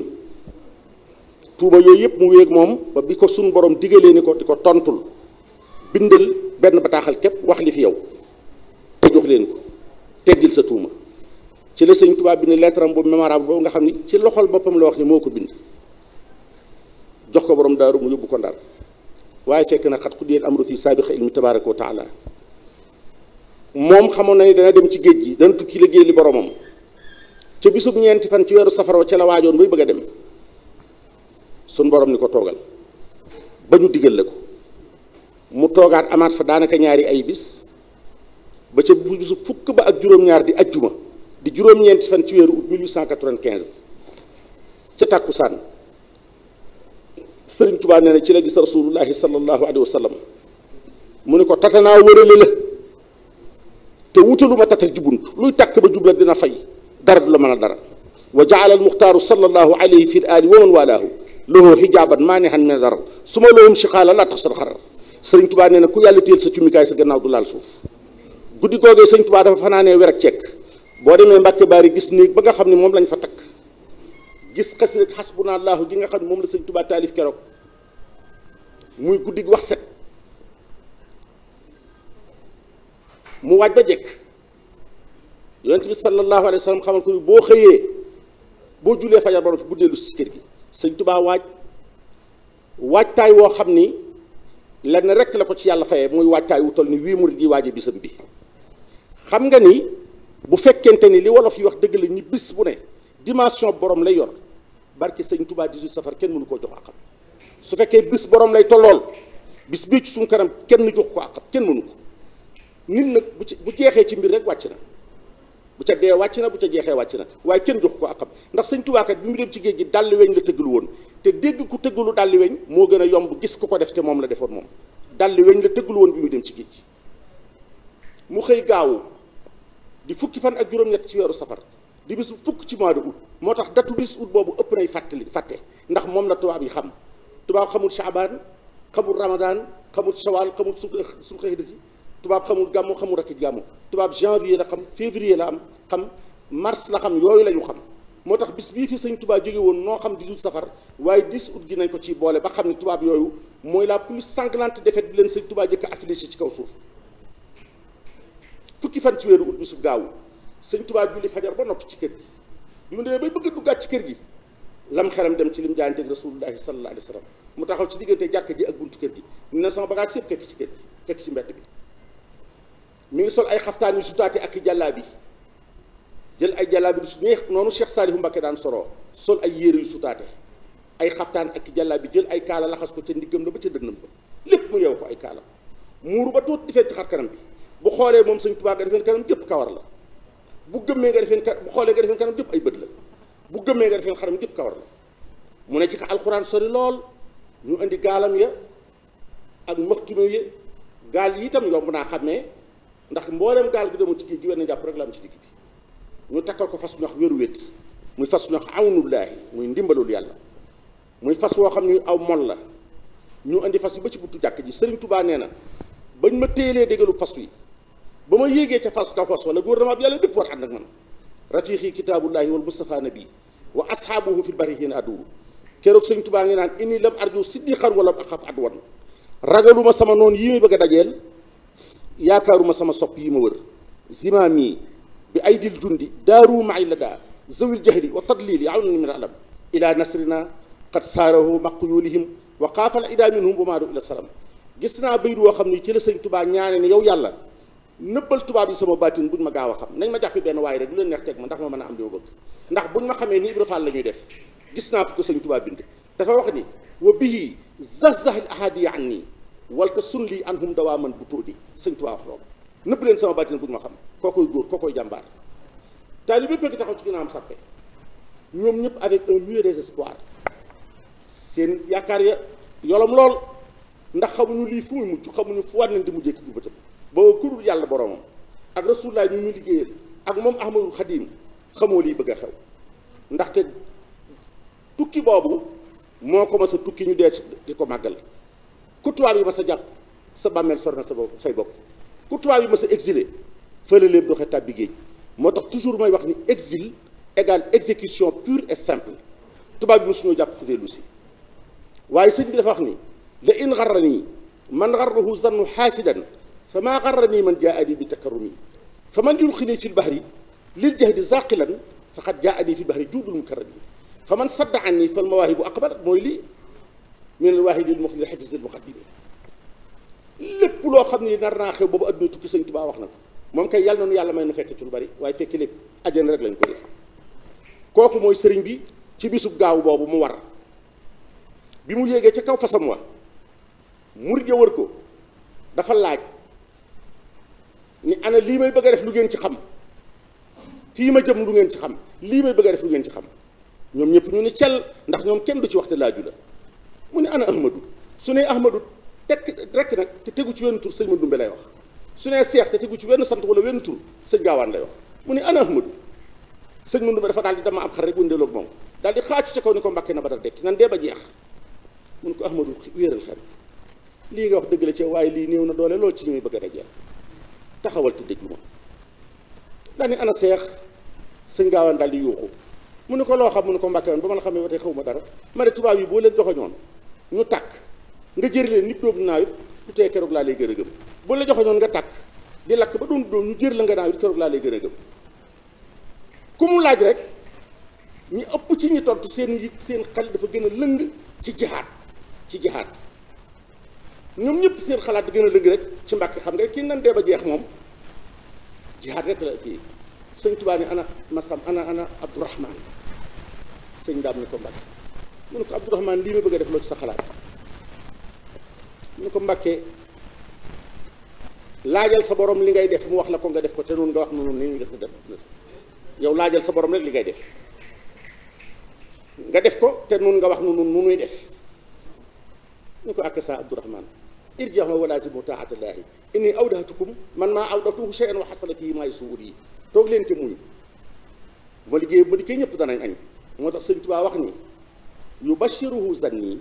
tuuma yooyu yëpp mu wéeg moom ba bi ko suñ borom digalee ni ko di ko tontul bindal benn bataaxal képp wax li fi yow te jox leen ko teggil sa tuuma ci la sëñ Tuubaa bind lettre am boobu mémorable boobu nga xam ni ci loxol boppam la wax ni moo ko bind jox ko borom daaru mu yóbbu ko ndar waaye fekk na xat xudiyel amru fi saabiqa ilmi tabaraka wa taala moom xamoon na ni dana dem ci géej gi dana tukki liggéey li boromam ca bisub ñeenti fan ci weeru safara wa ca bay bëgg a dem suñ borom ni ko toogal ba ñu digal la ko mu toogaat amaat fa daanaka ñaari ay bis ba ca bu bisu fukk ba ak juróom-ñaar di ajjuma di juróom-ñeenti fan ci weeru août 1895 ca tàkkusaan sëriñ Tuubaa nee na ci la gis rasulullahi sallallahu alayhi wa sallam mu ne ko tatanaa wërale la te ma tata ji bunt luy tàkk ba juble dina fay dara du la mën a dara wa jaala al muxtaaru sallallahu alayhi fi al aali wa man loxoo xijaaban maa ne xam ne dara su ma loxum si xaala laa tax sa xarar sëriñ tubaa nee na ku yàlla téel sa cumikaay sa gannaaw du laal suuf guddi googee sëriñ tubaa dafa fanaanee wer ak ceek boo demee mbàkke yi gis néeg ba nga xam ne moom lañ fa takk gis xas bu naa laahu gi nga xam ne moom la sëriñ tubaa taalif keroog muy guddi wax set mu waaj ba jekk yonent bi sallallahu alayhi wa sallam xamal ko ni boo xëyee boo jullee fajar ba bu dellu si kër sëñ tubaa waaj waajtaay woo xam ni lan na rek la ko ci yàlla fayee muy waajtaay wutal ni wii murid yi waaje bisam bi xam nga ni bu fekkente ni li wolof yi wax dëgg la ñu bis bu ne dimension borom lay yor barke sëñ tubaa 18 safar kenn mënu koo jox àqam su fekkee bis borom lay tollool bis bii ci suñu kanam kenn jox ko àqam kenn mënu ko nit nag bu bu jeexee ci mbir rek wàcc na bu ca dee wàcc na bu ca jeexee wàcc na waaye kenn jox ko ak xam ndax sëñ Tuubaa bi mu dem ci géej gi dàll weñ la tëggalu woon te dégg ku tëggalu dàll weñ moo gën a yomb gis ko ko def te moom la defoon moom dàll weñ la tëggalu woon bi mu dem ci géej xëy gaawu di fukki fan ak juróom-ñett ci weeru safar di fukk ci mois de août moo tax datu bis août boobu ëpp nay fàttali fàtte ndax moom la tubaab yi xam tubaab xamul Chaabaan xamul Ramadan xamul Shawal xamul su tubaab xamul gàmmu xamul rakki gàmmu tubaab janvier la xam février la am xam mars la xam yooyu la ñu xam moo tax bis bii fi sëñ tubaab jóge woon noo xam 18 safar waaye 10 août gi nañ ko ci boole ba xam ne tubaab yooyu mooy la plus sanglante défaite bi leen sëñ tubaab jëkk affligé ci kaw suuf fukki fan ci weeru août bisub gaawu sëñ tubaab julli fajar ba noppi ci kër gi bi mu demee bay bëgg ci kër gi lam xelam dem ci lim jaanteeg rasulullahi sallallahu alayhi wa sallam mu taxaw ci diggante jàkka ji ak buntu kër gi ne na sama bagage yëpp fekk ci kër gi fekk ci bi mi ngi sol ay xaftaan yu sutaate ak i jàllaabi jël ay jàllaabi su neex noonu Cheikh Saalihu Mbakke daan soroo sol ay yére yu sutaate ay xaftaan ak i jàllaabi jël ay kaala laxas ko ca ndiggam la ba ca dënnam ba lépp mu yeew ko ay kaala muuru ba tuut difee ci xar kanam bi bu xoolee moom Sëñ Tuubaa nga defeen kanam jëpp kawar la bu gëmmee nga defeen xoolee nga defeen kanam jëpp ay bët la bu gëmmee nga defeen xaram jëpp kawar la mu ne ci alxuraan sori lool ñu indi gaalam ya ak maxtume ya gaal yi itam yomb naa xàmmee ndax mboolem gaal gu demoon ci géej gi wenn njàpp rek la am ci digg bi ñu takkal ko fas ñax wéru wét muy fas ñax awnullaahi muy ndimbalul yàlla muy fas woo xam ne aw mol la ñu indi fas yi ba ci buntu jàkk ji Serigne tubaa nee na bañ ma téelee déggalu fas wi ba ma yéegee ca fas ka fas wala gouvernement bi yàlla bépp war ànd ak man rafiqi kitaabullaahi wal Mustafa nabi wa ashaabuhu fil barihiin aduwu keroog Serigne Touba ngi naan inni lam arju siddiqan wala axaf adwan ragaluma sama noonu yi bëgg a yaakaaruma sama sopp yi ma wër zimaam yi bi ay dil jundi daaru maay la daa zawil jahli wa tadlili awnani a alam ila nasrina qad saarahu maqyulihim wa xaafal ida minhum wa maadu ila salam gis naa bayit woo xam ne ci la sëñ tubaa ñaane ne yow yàlla nëbbal tubaab yi sama baatin buñ ma gaaw a xam nañ ma jàppi benn waaye rek lu leen neex teg ma ndax ma mën a am li ma bëgg ndax buñ ma xamee ni Ibra Fall la ñuy def gis naa fi ko sëñ tubaa bind dafa wax ni wa bihi zahzahil ahadiya an nii wal ka sun lii an hum dawaa man bu tóodi sëñ Tuubaa wax loolu nëbb leen sama bàttin bu ñu ma xam kookoy góor koo koy jàmbaar taalibe bépp taxaw ci ginnaaw am sàppe ñoom ñëpp avec un mieux désespoir seen yaakaar ya yolom lool ndax xamuñu lii fu muy mujj xamuñu fu war nañ di mujjee kii bëtam booba kurul yàlla boromam ak rasulullah ñu muy liggéeyal ak moom ahmadul xadim xamoo lii bëgg a xew ndaxte tukki boobu moo ko mas a tukki ñu dee di ko màggal ku tubaab yi ma sa jàpp sa bàmmeel sor na sa bopp say bokk ku tubaab yi ma sa exilé fële lépp doxee tàbbi géej moo tax toujours mooy wax ni exil égale exécution pure et simple tubaab yi mosuñoo jàpp ku dee lu si waaye sëñ bi dafa wax ni la in xarra nii man xarrahu zannu xaasidan fa maa xarra nii man jaa ani bi takarrumi fa man yulxini fi lbahri lil jahdi zaqilan faqad jaa ani fi lbahri juudul mukarrami fa man sadda an fa fal mawaahibu aqbarat mooy lii min al waahidil muxlil xafisil muqaddimi lépp loo xam ni nar naa xew boobu adduna tukki sëñ Tuubaa wax na ko moom kay yàlla noonu yàlla may nu fekk ci lu bari waaye fekk lépp àjjana rek lañ ko def kooku mooy sëriñ bi ci bisub gaaw boobu mu war bi mu yéegee ca kaw fasam wa murit ya wër ko dafa laaj ni ana lii may bëgg def lu ngeen ci xam fii ma jëm lu ngeen ci xam lii may bëgg a def lu ngeen ci xam ñoom ñëpp ñu ni cel ndax ñoom kenn du ci waxte laaju la mu ne ana Ahmadou su ne Ahmadou tekk rek nag te tegu ci wenn tur sëñ Mandoumbe lay wax su ne seex te tegu ci wenn sant wala wenn tur sëñ gaawaan lay wax mu ne ana Ahmadou sëñ Mandoumbe dafa daal di dama am xar rek wëndeeloo moom daal di xaacu ca kaw ko mbàkke na ba dara dekk nan dee ba jeex mun ko Ahmadou wéeral xel lii dëgg la ci waaye lii néew na doole lool ci ñu muy bëgg a dajeel taxawal te déglu ma daal ni ana seex sëñ di yuuxu mu ne ko loo xam mu ne ko mbàkke woon ba ma la xamee ba tey xaw ma dara ma ne tubaab yi boo leen joxoñoon ñu tàkk nga jër leen nit doomu naaw it du tee keroog laa lay gën a gëm bu la joxoñoon nga tàkk di lakk ba doon doom ñu jër la nga naaw it keroog laa lay gën a gëm ku mu laaj rek ñu ëpp ci ñu tontu seen yi seen xel dafa gën a lëng ci jihaat ci jihaat ñoom ñëpp seen xalaat di gën a lëng rekk ci mbàkk xam nga kii nan dee ba jeex moom jihaat rek la kii sëñ Tuubaa ni ana masam ana ana Abdourahman sëñ daam ni ko mbàkk mu ne ko Abdourahmane lii ma bëgg a def loo ci sa xalaat mu ne ko Mbàkke laajal sa borom li ngay def mu wax la ko nga def ko te noonu nga wax noonu ni def nga def yow laajal sa borom rek li ngay def nga def ko te noonu nga wax noonu nu nuy def ñu ko ak sa Abdourahmane irja ma walaasimu taatallaahi inni awdatukum man maa awdatuhu shay'an wa xasalat yi maay suur yi toog leen te muñ ma liggéey ba liggéey ñëpp danañ añ moo tax sëñ Tuubaa wax ni yubashiruhu zanni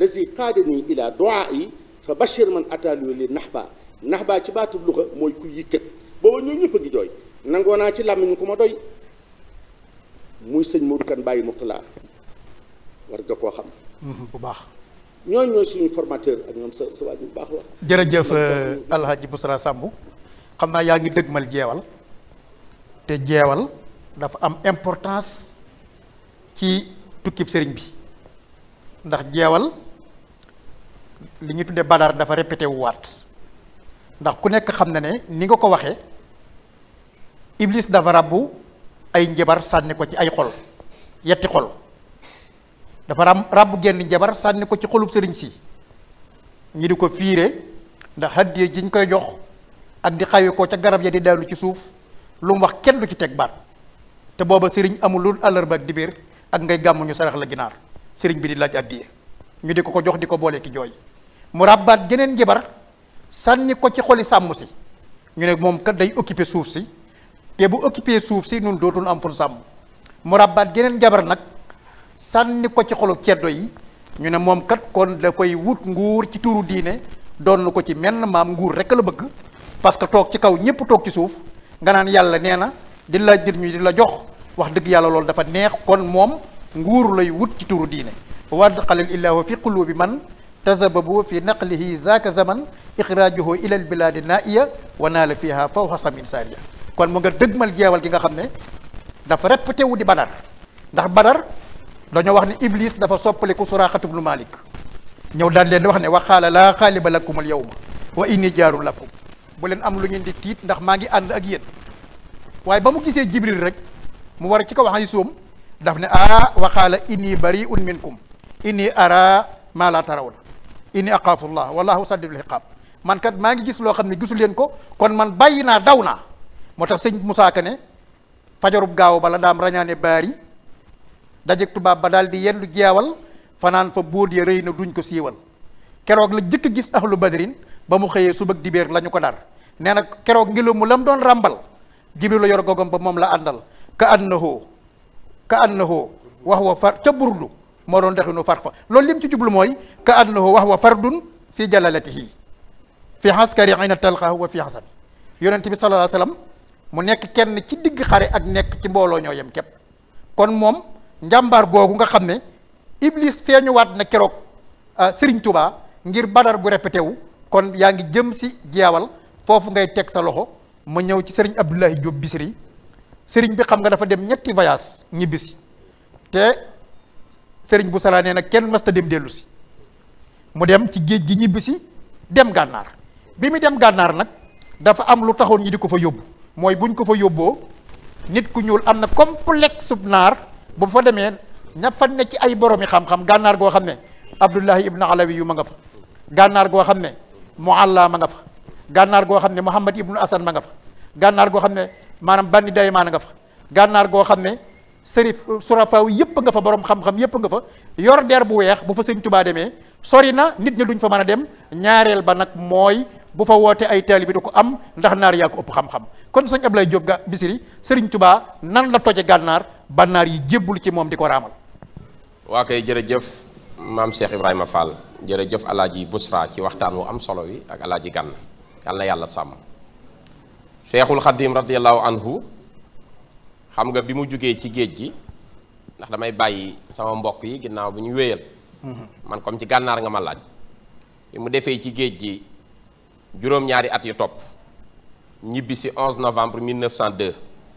lazi qaadani ila duaai fa bashir man ataalu li naxbaa baa ci baatu luxa mooy ku yëkkat booba ñoo ñëpp a ngi jooy nangoo naa ci làmmiñ ko ma doy muy sëñ Modou Kane Baye Mourtala war nga koo xam. Mhm, bu baax. ñooñu ñooy suñu formateur ak ñoom sa sa waajur bu baax euh, xam naa yaa ngi mal jeewal te jeewal dafa am importance ci tukkib sëriñ bi. ndax jeewal li ñu tuddee badar dafa répété wu waat ndax ku nekk xam na ne ni nga ko waxee iblis dafa ràbbu ay njabar sànni ko ci ay xol yetti xol dafa ram ràbbu genn njabar sànni ko ci xolub sëriñ si ñu di ko fiire ndax hàddiyee ji ñu koy jox ak di xawi ko ca garab ya di daanu ci suuf lu mu wax kenn du ci teg baat te booba sëriñ amul lu ba ak dibéer ak ngay gàmmuñu ñu sarax la ginaar sëriñ bi di laaj addiye ñu di ko ko jox di ko boole ki jooy mu ràbbaat geneen jabar sànni ko ci xoli sàmm si ñu ne moom kat day occupé suuf si te bu occupé suuf si nun dootul am fun sàmm mu ràbbaat geneen jabar nag sànni ko ci xolu ceddo yi ñu ne moom kat kon da koy wut nguur ci tuuru diine doon ko ci menn maam nguur rek la bëgg parce que toog ci kaw ñëpp toog ci suuf nga naan yàlla nee na di la jël di la jox wax dëgg yàlla loolu dafa neex kon moom nguur lay wut ci turu diine waadxalal illahu fi qulubi man tasababu fi naqlihi zaaka zaman ixraajuhu ila al bilaadi naa wa fi fiha fawxa samin saariya kon mu nga dëgmal jeewal gi nga xam ne dafa répété wu di badar ndax badar dañoo wax ne iblis dafa soppaliku suraaxatu bnu malik ñëw daan leen di wax ne wa qaala laa xaaliba lakum al yawma wa inni jaarun lakum bu leen am lu ñun di tiit ndax maa ngi ànd ak yéen waaye ba mu gisee jibril rek mu war a ci ko wax ay suum daf ne a waqaala inni bariun minkum inni ara maa laa tarawna inni aqaafullah wallahu sadidul iqaab man kat maa ngi gis loo xam ne gisu leen ko kon man bàyyi naa daw naa moo tax sëñ Moussa Ka ne fajarub gaaw bala ndaam rañaane baari dajeg tubaab ba daal di yendu jeewal fanaan fa bóot ya rëy na duñ ko siiwal keroog la jëkk gis ahlu badrin ba mu xëyee subag dibéer la ñu ko dar nee na keroog ngelaw mu la mu doon ràmbal jibril la yor gogom ba moom la àndal ka annahu ka annahu wa huwa far ca burdu moo doon dexinu far fa loolu lim ci jublu mooy ka annahu wa huwa fardun fi jalalatihi fi askari ayna talqahu wa fi hasami yonent bi sallallahu alayhi mu nekk kenn ci digg xare ak nekk ci mbooloo ñoo yem kepp kon moom njàmbaar googu nga xam ne iblis feeñuwaat na keroog ah, Serigne Touba ngir badar gu répété wu kon yaa ngi jëm si jeewal foofu ngay teg sa loxo ma ñëw ci Serigne Abdoulahi Diop Bisri sëriñ bi xam nga dafa dem ñetti voyage ñibbisi te sëriñ bu sala nag kenn mës dem dellu si mu dem ci géej gi ñibbisi dem gànnaar bi mu dem gànnaar nag dafa am lu taxoon ñi di ko fa yóbbu mooy buñ ko fa yóbboo nit ku ñuul am na complexe sub naar bu fa demee ña fa ne ci ay boromi xam-xam gànnaar goo xam ne Abdullahi ibn Alawi yu ma nga fa gànnaar goo xam ne Mualla ma nga fa gànnaar goo xam ne Muhammad ibnu Asan ma nga fa gànnaar goo xam ne maanaam banni day maan nga fa gànnaar goo xam ne sërif faw yëpp nga fa borom xam-xam yëpp nga fa yor der bu weex bu fa sëñ tubaa demee sori na nit ñi duñ fa man a dem ñaareel ba nag mooy bu fa woote ay taali bi du ko am ndax naar yaa ko ëpp xam-xam kon sëñ Ablaye Diop ga Bichri sëriñ tubaa nan la toje gànnaar bannaar yi jébbul ci moom di ko raamal waa kay jërëjëf maam Cheikh Ibrahima Fall jërëjëf alaaji Busra ci waxtaan wu am solo wi ak alaaji Gànn yàlla yàlla sàmm cheikhul xadim radiallahu anhu xam nga bi mu jógee ci géej gi ndax damay bàyyi sama mbokk yi ginnaaw bu ñu wéyal mm-hmm. man comme ci gànnaar nga ma laaj bi mu defee ci géej gi juróom-ñaari at yu topp ñibbi si 11 novembre 1902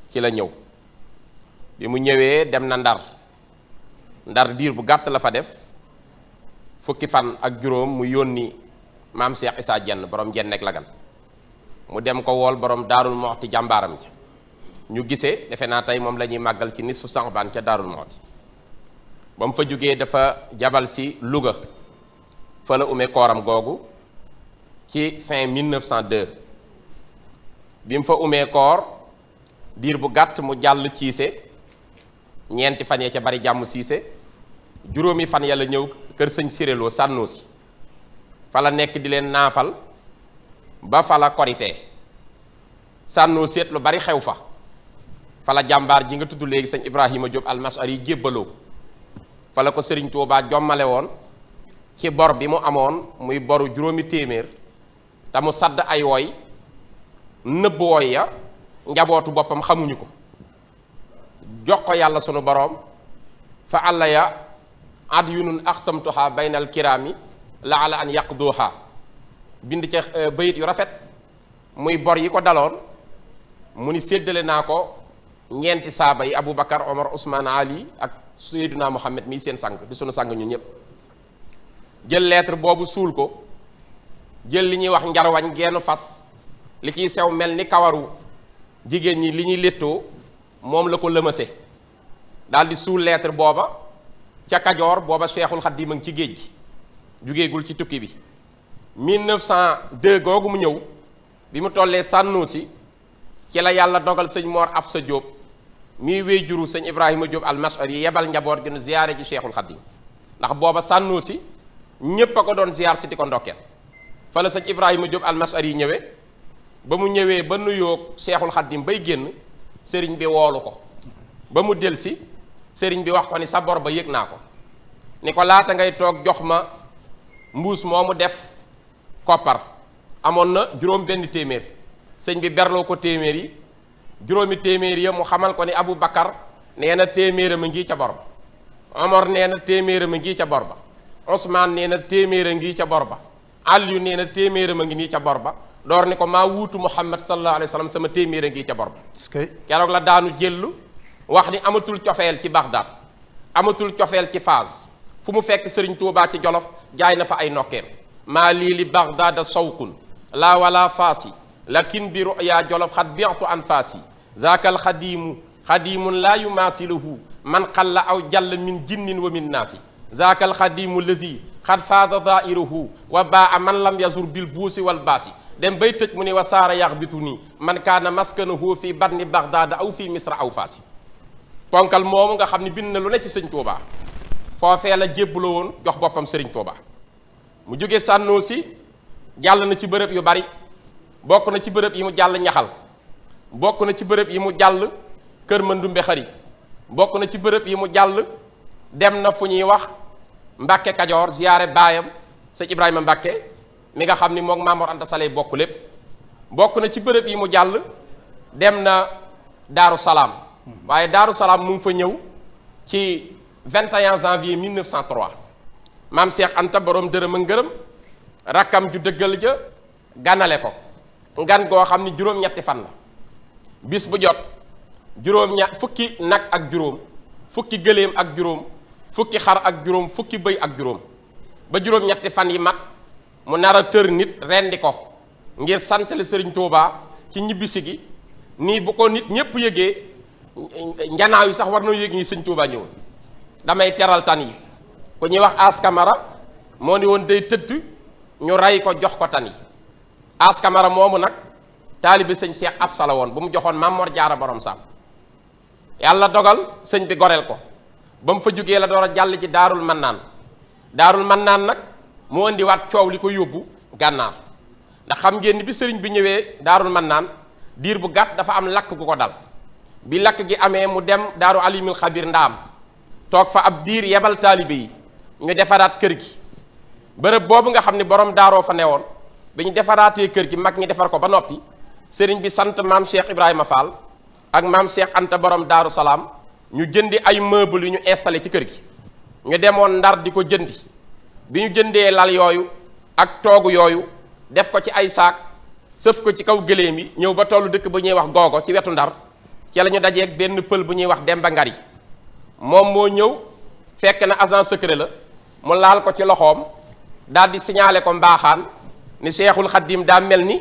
ci la ñëw bi mu ñëwee dem na ndar ndar diir bu gàtt la fa def fukki fan ak juróom mu yónni maam Cheikh Issa jenn borom Dieng ak Lagan mu dem ko wool boroom daarul moxti jàmbaaram ji ñu gisee defe naa tey moom la ñuy màggal ci nisfu sanbaan ca daarul moxti ba mu fa jógee dafa jabal si Louga fa la ume kooram googu ci fin 1902 bi mu fa umee koor diir bu gàtt mu jàll siise ñeenti fan ya ca bari jàmm siise juróomi fan ya la ñëw kër sañ siréloo sànnoo si fa nekk di leen naafal ba fa la korite sànnoo seet lu bari xew fa fala jàmbaar ji nga tudd léegi sëñ Ibrahima Diop almasar yi jébbaloo fa ko sëriñ Tuubaa jommale woon ci bor bi mu amoon muy boru juróomi téeméer te mu sadd ay woy nëbb woy ya njabootu boppam xamuñu ko jox ko yàlla sunu boroom fa àlla ya adyunun axsamtuha bayna alkiraami la ala an yaqduha bind ca euh, bayit yu rafet muy bor yi ko daloon mu ni séddale naa ko ñeenti saaba yi Aboubacar Omar Ousmane Ali ak Seydina Mohamed mii seen sang di sunu sang ñun ñëpp jël lettre boobu suul ko jël li ñuy wax njarwañ geenu fas li ciy sew mel ni kawaru jigéen ñi li ñuy léttoo moom la ko lëmase daal di suul lettre booba ca Kajoor booba Seexul Xadiim a ngi ci géej gi jugeegul ci tukki bi 1902 googu mu ñëw bi mu tollee Sànnuusi ci la yàlla dogal sëñ Mor Absa Diop mii wéy juru sëñ Ibrahima Diop almasar yi yebal njaboot gi nu ziyaare ci Cheikhul Khadim ndax booba Sànnuusi ñépp a ko doon ziyaar si di ko ndokkeel fa la sëñ Ibrahima Diop almasar yi ñëwee ba mu ñëwee ba nuyoo Cheikhul Khadim bay génn sëriñ bi woolu ko ba mu del si sëriñ bi wax ko ni sa bor ba yëg naa ko ni ko laata ngay toog jox ma mbuus moo mu def koppar amoon na juróom benn téeméer sëñ bi berloo ko téeméer yi juróomi téeméer ya mu xamal ko ni Abu Bakar nee na téeméer a ma ngi ca bor ba Omar nee na téeméer a ma ngi ca bor ba Ousmane nee na téeméer a ngi ca bor ba Aliou nee na téeméer a ngi nii ca bor ba door ni ko maa wuutu Muhammad sallallahu alayhi wa sallam sama téeméer a ngi ca bor ba keroog la daanu jëllu wax ni amatul cofeel ci Bagdad amatul cofeel ci Fas fu mu fekk Sëriñ Tuubaa ci Jolof jaay na fa ay nokkeem maa lii li baghdada sawkun laa wala faasi lakin bi ruya jolof xat biatu an faasi zaaka alxadiimu xadiimun laa yumaasiluhu man la aw jàll min jinnin wa min naasi zaaka alxadiimu lazi xat faada daa'iruhu wa baa man lam yazur bil buusi wal baasi dem bay tëj mu ne wa saara yax bitu nii man kaana maskanahu fii batni baghdada aw fi misra aw faasi ponkal moomu nga xam ne bind na lu ne ci sëñ Tuubaa foofee la jébbaloo woon jox boppam sëriñ Tuubaa mu jóge sànnoosi jàll na ci bërëb yu bari bokk na ci bërëb yi mu jàll ñaxal bokk na ci bërëb yi mu jàll kër mëndumbe xari bokk na ci bërëb yi mu jàll dem na fu ñuy wax Mbàkke Kajoor ziyaare baayam sëñ Ibrahima mbakke mi nga xam ni moom Maamoor Anta Sale bokk lépp bokk na ci bërëb yi mu jàll dem na Daaru Salaam hmm. waaye Daaru Salaam mu fa ñëw ci 21 janvier 1903 maam Cheikh Anta boroom dërëm ak ngërëm rakkam ju dëggal ja ganale ko ngan goo xam ni juróom-ñetti fan la bis bu jot juróom-ña fukki nag ak juróom fukki gëléem ak juróom fukki xar ak juróom fukki bëy ak juróom ba juróom-ñetti fan yi mat mu nar a tër nit rendi ko ngir santale sëriñ Touba ci ñibbisi gi nii bu ko nit ñépp yëgee njanaaw yi sax war na yëg ni sëñ Touba ñëw damay teral tan yi ku ñuy wax askamara moo ni woon day tëdd ñu rey ko jox ko tan yi askamara moomu nag taalibi sëñ Cheikh Absa la woon bu mu joxoon Mamor Jaara borom saam yàlla dogal sëñ bi goreel ko ba mu fa jógee la door a jàll ci daarul mannaan daarul mannaan nag mu indiwaat coow li ko yóbbu gànnaar ndax xam ngeen ni bi sëriñ bi ñëwee daarul mannaan diir bu gàtt dafa am lakk gu ko dal bi lakk gi amee mu dem daaru alimil xabir ndaam toog fa ab diir yebal taalibe ñu defaraat kër gi bërëb boobu nga xam ne borom daaroo fa newoon bi ñu defaraatee kër gi mag ñi defar ko ba noppi sëriñ bi sant maam Cheikh Ibrahima Fall ak maam Cheikh Anta borom daaru salaam ñu jëndi ay meubles yu ñu installé ci kër gi ñu demoon ndar di ko jëndi bi ñu jëndee lal yooyu ak toogu yooyu def ko ci ay saak sëf ko ci kaw gëléem yi ñëw ba tollu dëkk ba ñuy wax googo ci wetu ndar ci la ñu dajeeg benn pël bu ñuy wax Demba Ngari moom moo ñëw fekk na agent secret la mu laal ko ci loxoom daal di signalé ko mbaaxaan ni seexul xaddim daa mel ni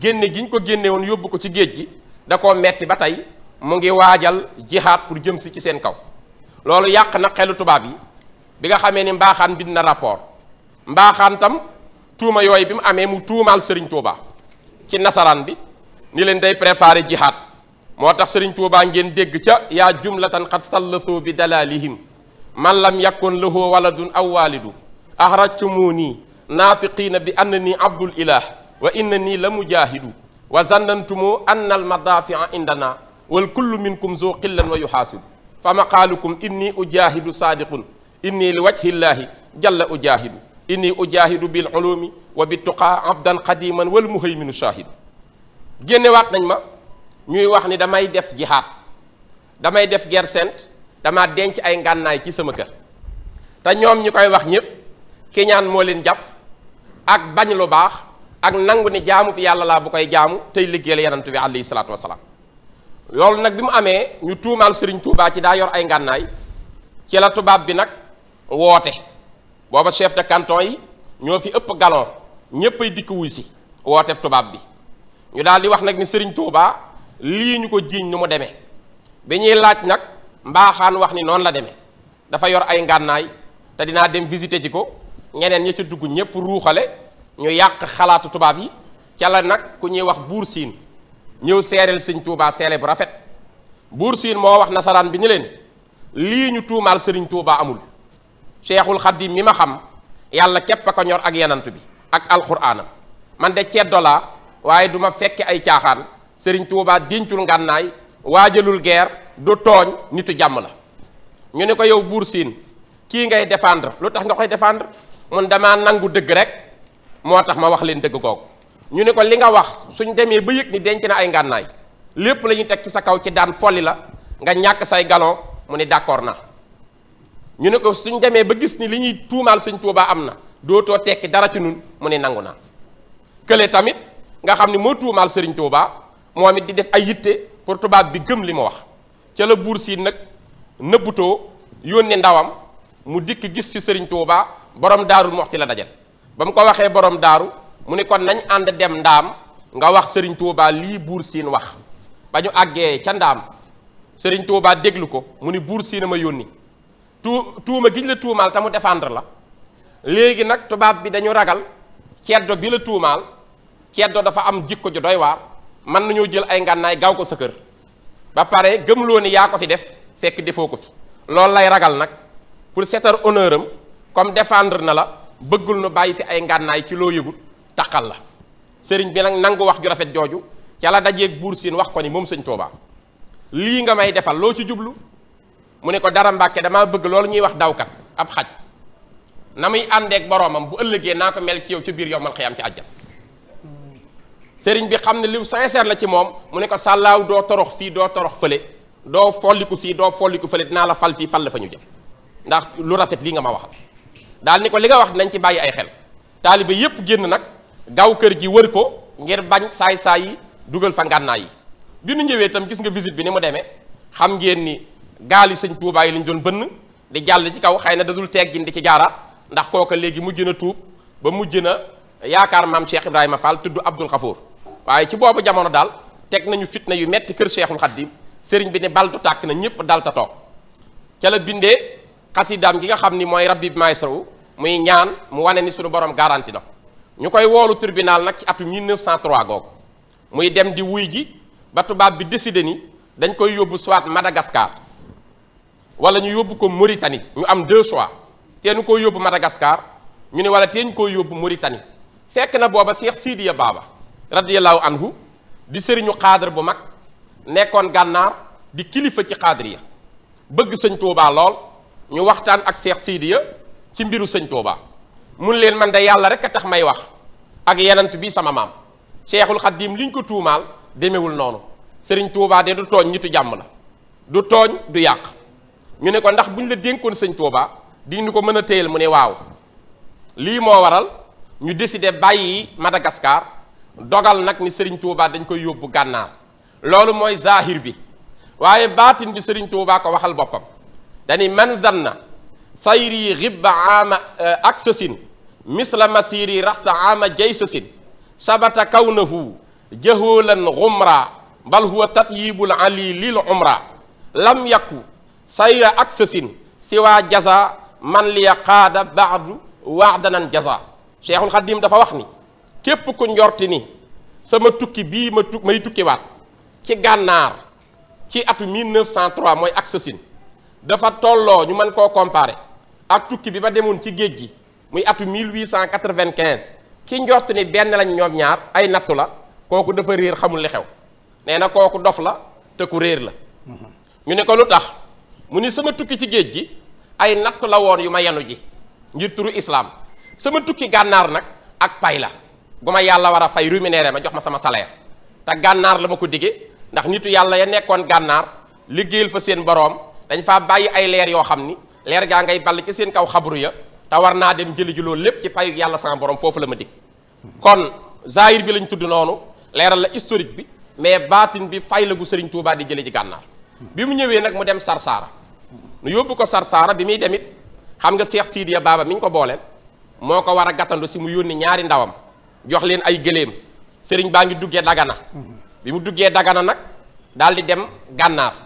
génne gi ñu ko génnewoon yóbbu ko ci géej gi da koo metti ba tey mu ngi waajal jihaat pour jëm si ci seen kaw loolu yàq na xelu tubaab yi bi nga xamee ni mbaaxaan bind na rapport mbaaxaan tam tuuma yooyu bi mu amee mu tuumaal Serigne Touba ci nasaraan bi ni leen day préparé jihaat moo tax Serigne Touba ngeen dégg ca yaa jumlatan xat sallasoo bi dalalihim man lam yakun lahu waladun aw waalidu axrajtumuni naafiqiina bi annani abdul ilah wa innani la mujaahidu wa zannantumu anna al madafia indana wal kullu minkum zu qillan wa yuxaasibu fa maqaalukum inni ujaahidu saadiqun inni li wajhi llahi jalla ujaahidu inni ujaahidu bil ulumi wa bi tuqaa abdan qadiman wal muhayminu shaahidu génnewaat nañ ma ñuy wax ni damay def jihaad damay def guerre sainte dama denc ay ngànnaay ci sama kër te ñoom ñi koy wax ñëpp ki moo leen jàpp ak bañ lu baax ak nangu ni jaamu bi yàlla laa bu koy jaamu tey liggéeyal yenantu bi alayhi salaatu wasalaam loolu nag bi mu amee ñu tuumaal Serigne Touba ci daa yor ay ngànnaay ci la tubaab bi nag woote booba chef de canton yi ñoo fi ëpp galon ñépp ay dikk wuy si woote tubaab bi ñu daal di wax nag ni Serigne Touba lii ñu ko jiiñ nu mu demee bi ñuy laaj nag mbaaxaan wax ni noonu la demee dafa yor ay ngànnaay te dinaa dem visiter ji ko ñeneen ñi ci dugg ñépp ruuxale ñu yàq xalaatu tubaab yi ca la nag ku ñuy wax buur siin ñëw seereel sëñ tuubaa seele bu rafet buur siin moo wax nasaraan bi ñu leen lii ñu tuumaal sëriñ Touba amul Cheikhul Khadim mi ma xam yàlla képp a ko ñor ak yenant bi ak alxuraanam man de ceddo laa waaye duma fekk ay caaxaan sëriñ Touba dencul ngànnaay waajalul guerre du tooñ nitu jàmm la ñu ne ko yow buur siin kii ngay défendre lu tax nga koy défendre mun damaa nangu dëgg rek moo tax ma wax leen dëgg googu ñu ne ko li nga wax suñ demee ba yëg ni denc na ay ngànnaay lépp la ñuy teg ci sa kaw ci daan folli la nga ñàkk say galon mu ne d'accord na ñu ne ko suñ demee ba gis ni li ñuy tuumaal sëñ tuubaa am na dootoo tekki dara ci nun mu ne nangu naa kële tamit nga xam ni moo tuumaal sëriñ tuubaa moom it di def ay yitte pour tubaab bi gëm li mu wax ca la buur siin nag nëbbutoo yónni ndawam mu dikk gis ci sëriñ Touba borom daarul ci la dajal ba mu ko waxee borom daaru mu ne kon nañ ànd dem ndaam nga wax sëriñ Touba lii buur siin wax ba ñu àggee ca ndaam sëriñ Touba déglu ko mu ni buur siin a ma yónni tuu tuuma giñ la tuumaal te mu défendre la léegi nag tubaab bi dañu ragal ceddo bi la tuumaal ceddo dafa am jikko ju doy waar mën nañoo jël ay ngànnaay gaaw ko sa kër ba pare gëmloo ni yaa ko fi def fekk defoo ko fi loolu lay ragal nag pour seetal honneur am comme défendre na la bëggul nu bàyyi fi ay ngànnaay ci loo yëgul taqal la sëriñ bi nag nangu wax ju rafet jooju ca la dajeeg buur siin wax ko ni moom sëñ Tuubaa lii nga may defal loo ci jublu mu ne ko dara mbàkke damaa bëgg loolu ñuy wax dawkat ab xaj na muy àndeek boroomam bu ëllëgee naa ko mel ci yow ci biir yow man xiyam ci àjjal sëriñ bi xam ne li sincère la ci moom mu ne ko sàllaaw doo torox fii doo torox fële doo folliku fii doo folliku fële dinaa la fal fii fal la fa ñu jëm ndax lu rafet lii nga ma waxal daal ni ko li nga wax nañ ci bàyyi ay xel taalibe yépp génn nag gaaw kër gi wër ko ngir bañ saay-saay yi dugal fa ngànnaay yi bi nu ñëwee itam gis nga visite bi ni mu demee xam ngeen ni gaal yi sëñ Tuubaa yi lañ doon bënn di jàll ci kaw xay na dadul teggin di ci jaara ndax kooka léegi mujj na tuub ba mujj na yaakaar maam Cheikh Ibrahima Fall tudd Abdul Xafoor waaye ci boobu jamono daal teg nañu fitna yu metti kër Seexul Xaddim sëriñ bi ne baltu tàkk na ñëpp dal ta toog ca la bindee xasidaam gi nga xam ni mooy rabbi maestro muy ñaan mu wane ni suñu borom garanti na ñu koy woolu tribunal nag ci atu 1903 googu muy dem di wuy ji ba tubaab bi décidé ni dañ koy yóbbu soit Madagascar wala ñu yóbbu ko Mauritanie ñu am deux choix te ñu koy yóbbu Madagascar ñu ne wala te ñu koy yóbbu Mauritanie fekk na booba Seex Sidiya Baaba radiyallahu anhu di sëriñu xaadar bu mag nekkoon gànnaar di kilifa ci xaadar ya bëgg sëñ Touba lool ñu waxtaan ak Cheikh Sidiya ci mbiru sëñ Touba mun leen man de yàlla rek a tax may wax ak yenant bi sama maam Cheikhul Khadim liñ ko tuumaal demewul noonu sëriñ Touba de du tooñ ñitu jàmm la du tooñ du yàq ñu ne ko ndax buñ la dénkoon sëñ Touba di ñu ko mën a téyel mu ne waaw lii moo waral ñu décidé bàyyi Madagascar dogal nag ni Serigne Touba dañ koy yóbbu gànnaar loolu mooy zahir bi waaye baatin bi Serigne Touba ko waxal boppam dani man zanna sayri xibba ama eh, ak masiri raxsa ama jay sasin sabata kawnahu jahoolan xumra bal huwa tatyibul ali lil umra lam yakku sayra ak siwa jaza man liya qaada baadu waadanan jaza cheikhul xadim dafa wax ni képp ku njorti ni sama tukki bii ma tu may tukkiwaat ci gànnaar ci atu 1903 mooy ak dafa tolloo ñu mën koo comparer ak tukki bi ma demoon ci géej gi muy atu 1895 ki njort ni benn lañ ñoom ñaar ay nattu la kooku dafa réer xamul li xew nee na kooku dof la te ku réer la mm-hmm. ñu ne ko lu tax mu ni sama tukki ci géej gi ay nattu la woon yu ma yenu ji ngir turu islaam sama tukki gànnaar nag ak pay la bu ma yàlla war a fay rémunéré ma jox ma sama salaire te gànnaar la ma ko digee ndax nitu yàlla ya nekkoon gànnaar liggéeyal fa seen boroom dañ faa bàyyi ay leer yoo xam ni leer gaa ngay ball ci seen kaw xabru ya te war naa dem jëli ji lépp ci payu yàlla sama borom foofu la ma dig kon zahir bi lañ tudd noonu leeral la historique bi mais baatin bi fay la gu sëriñ Touba di jële ji gànnaar bi mu ñëwee nag mu dem Sarsaara nu yóbbu ko Sarsaara bi muy demit xam nga Seex Sidiya Baaba mi ñu ko booleel moo ko war a si mu yónni ñaari ndawam jox leen ay gëléem sëriñ baa ngi duggee dagana mm-hmm. bi mu duggee dagana nag daal di dem gànnaar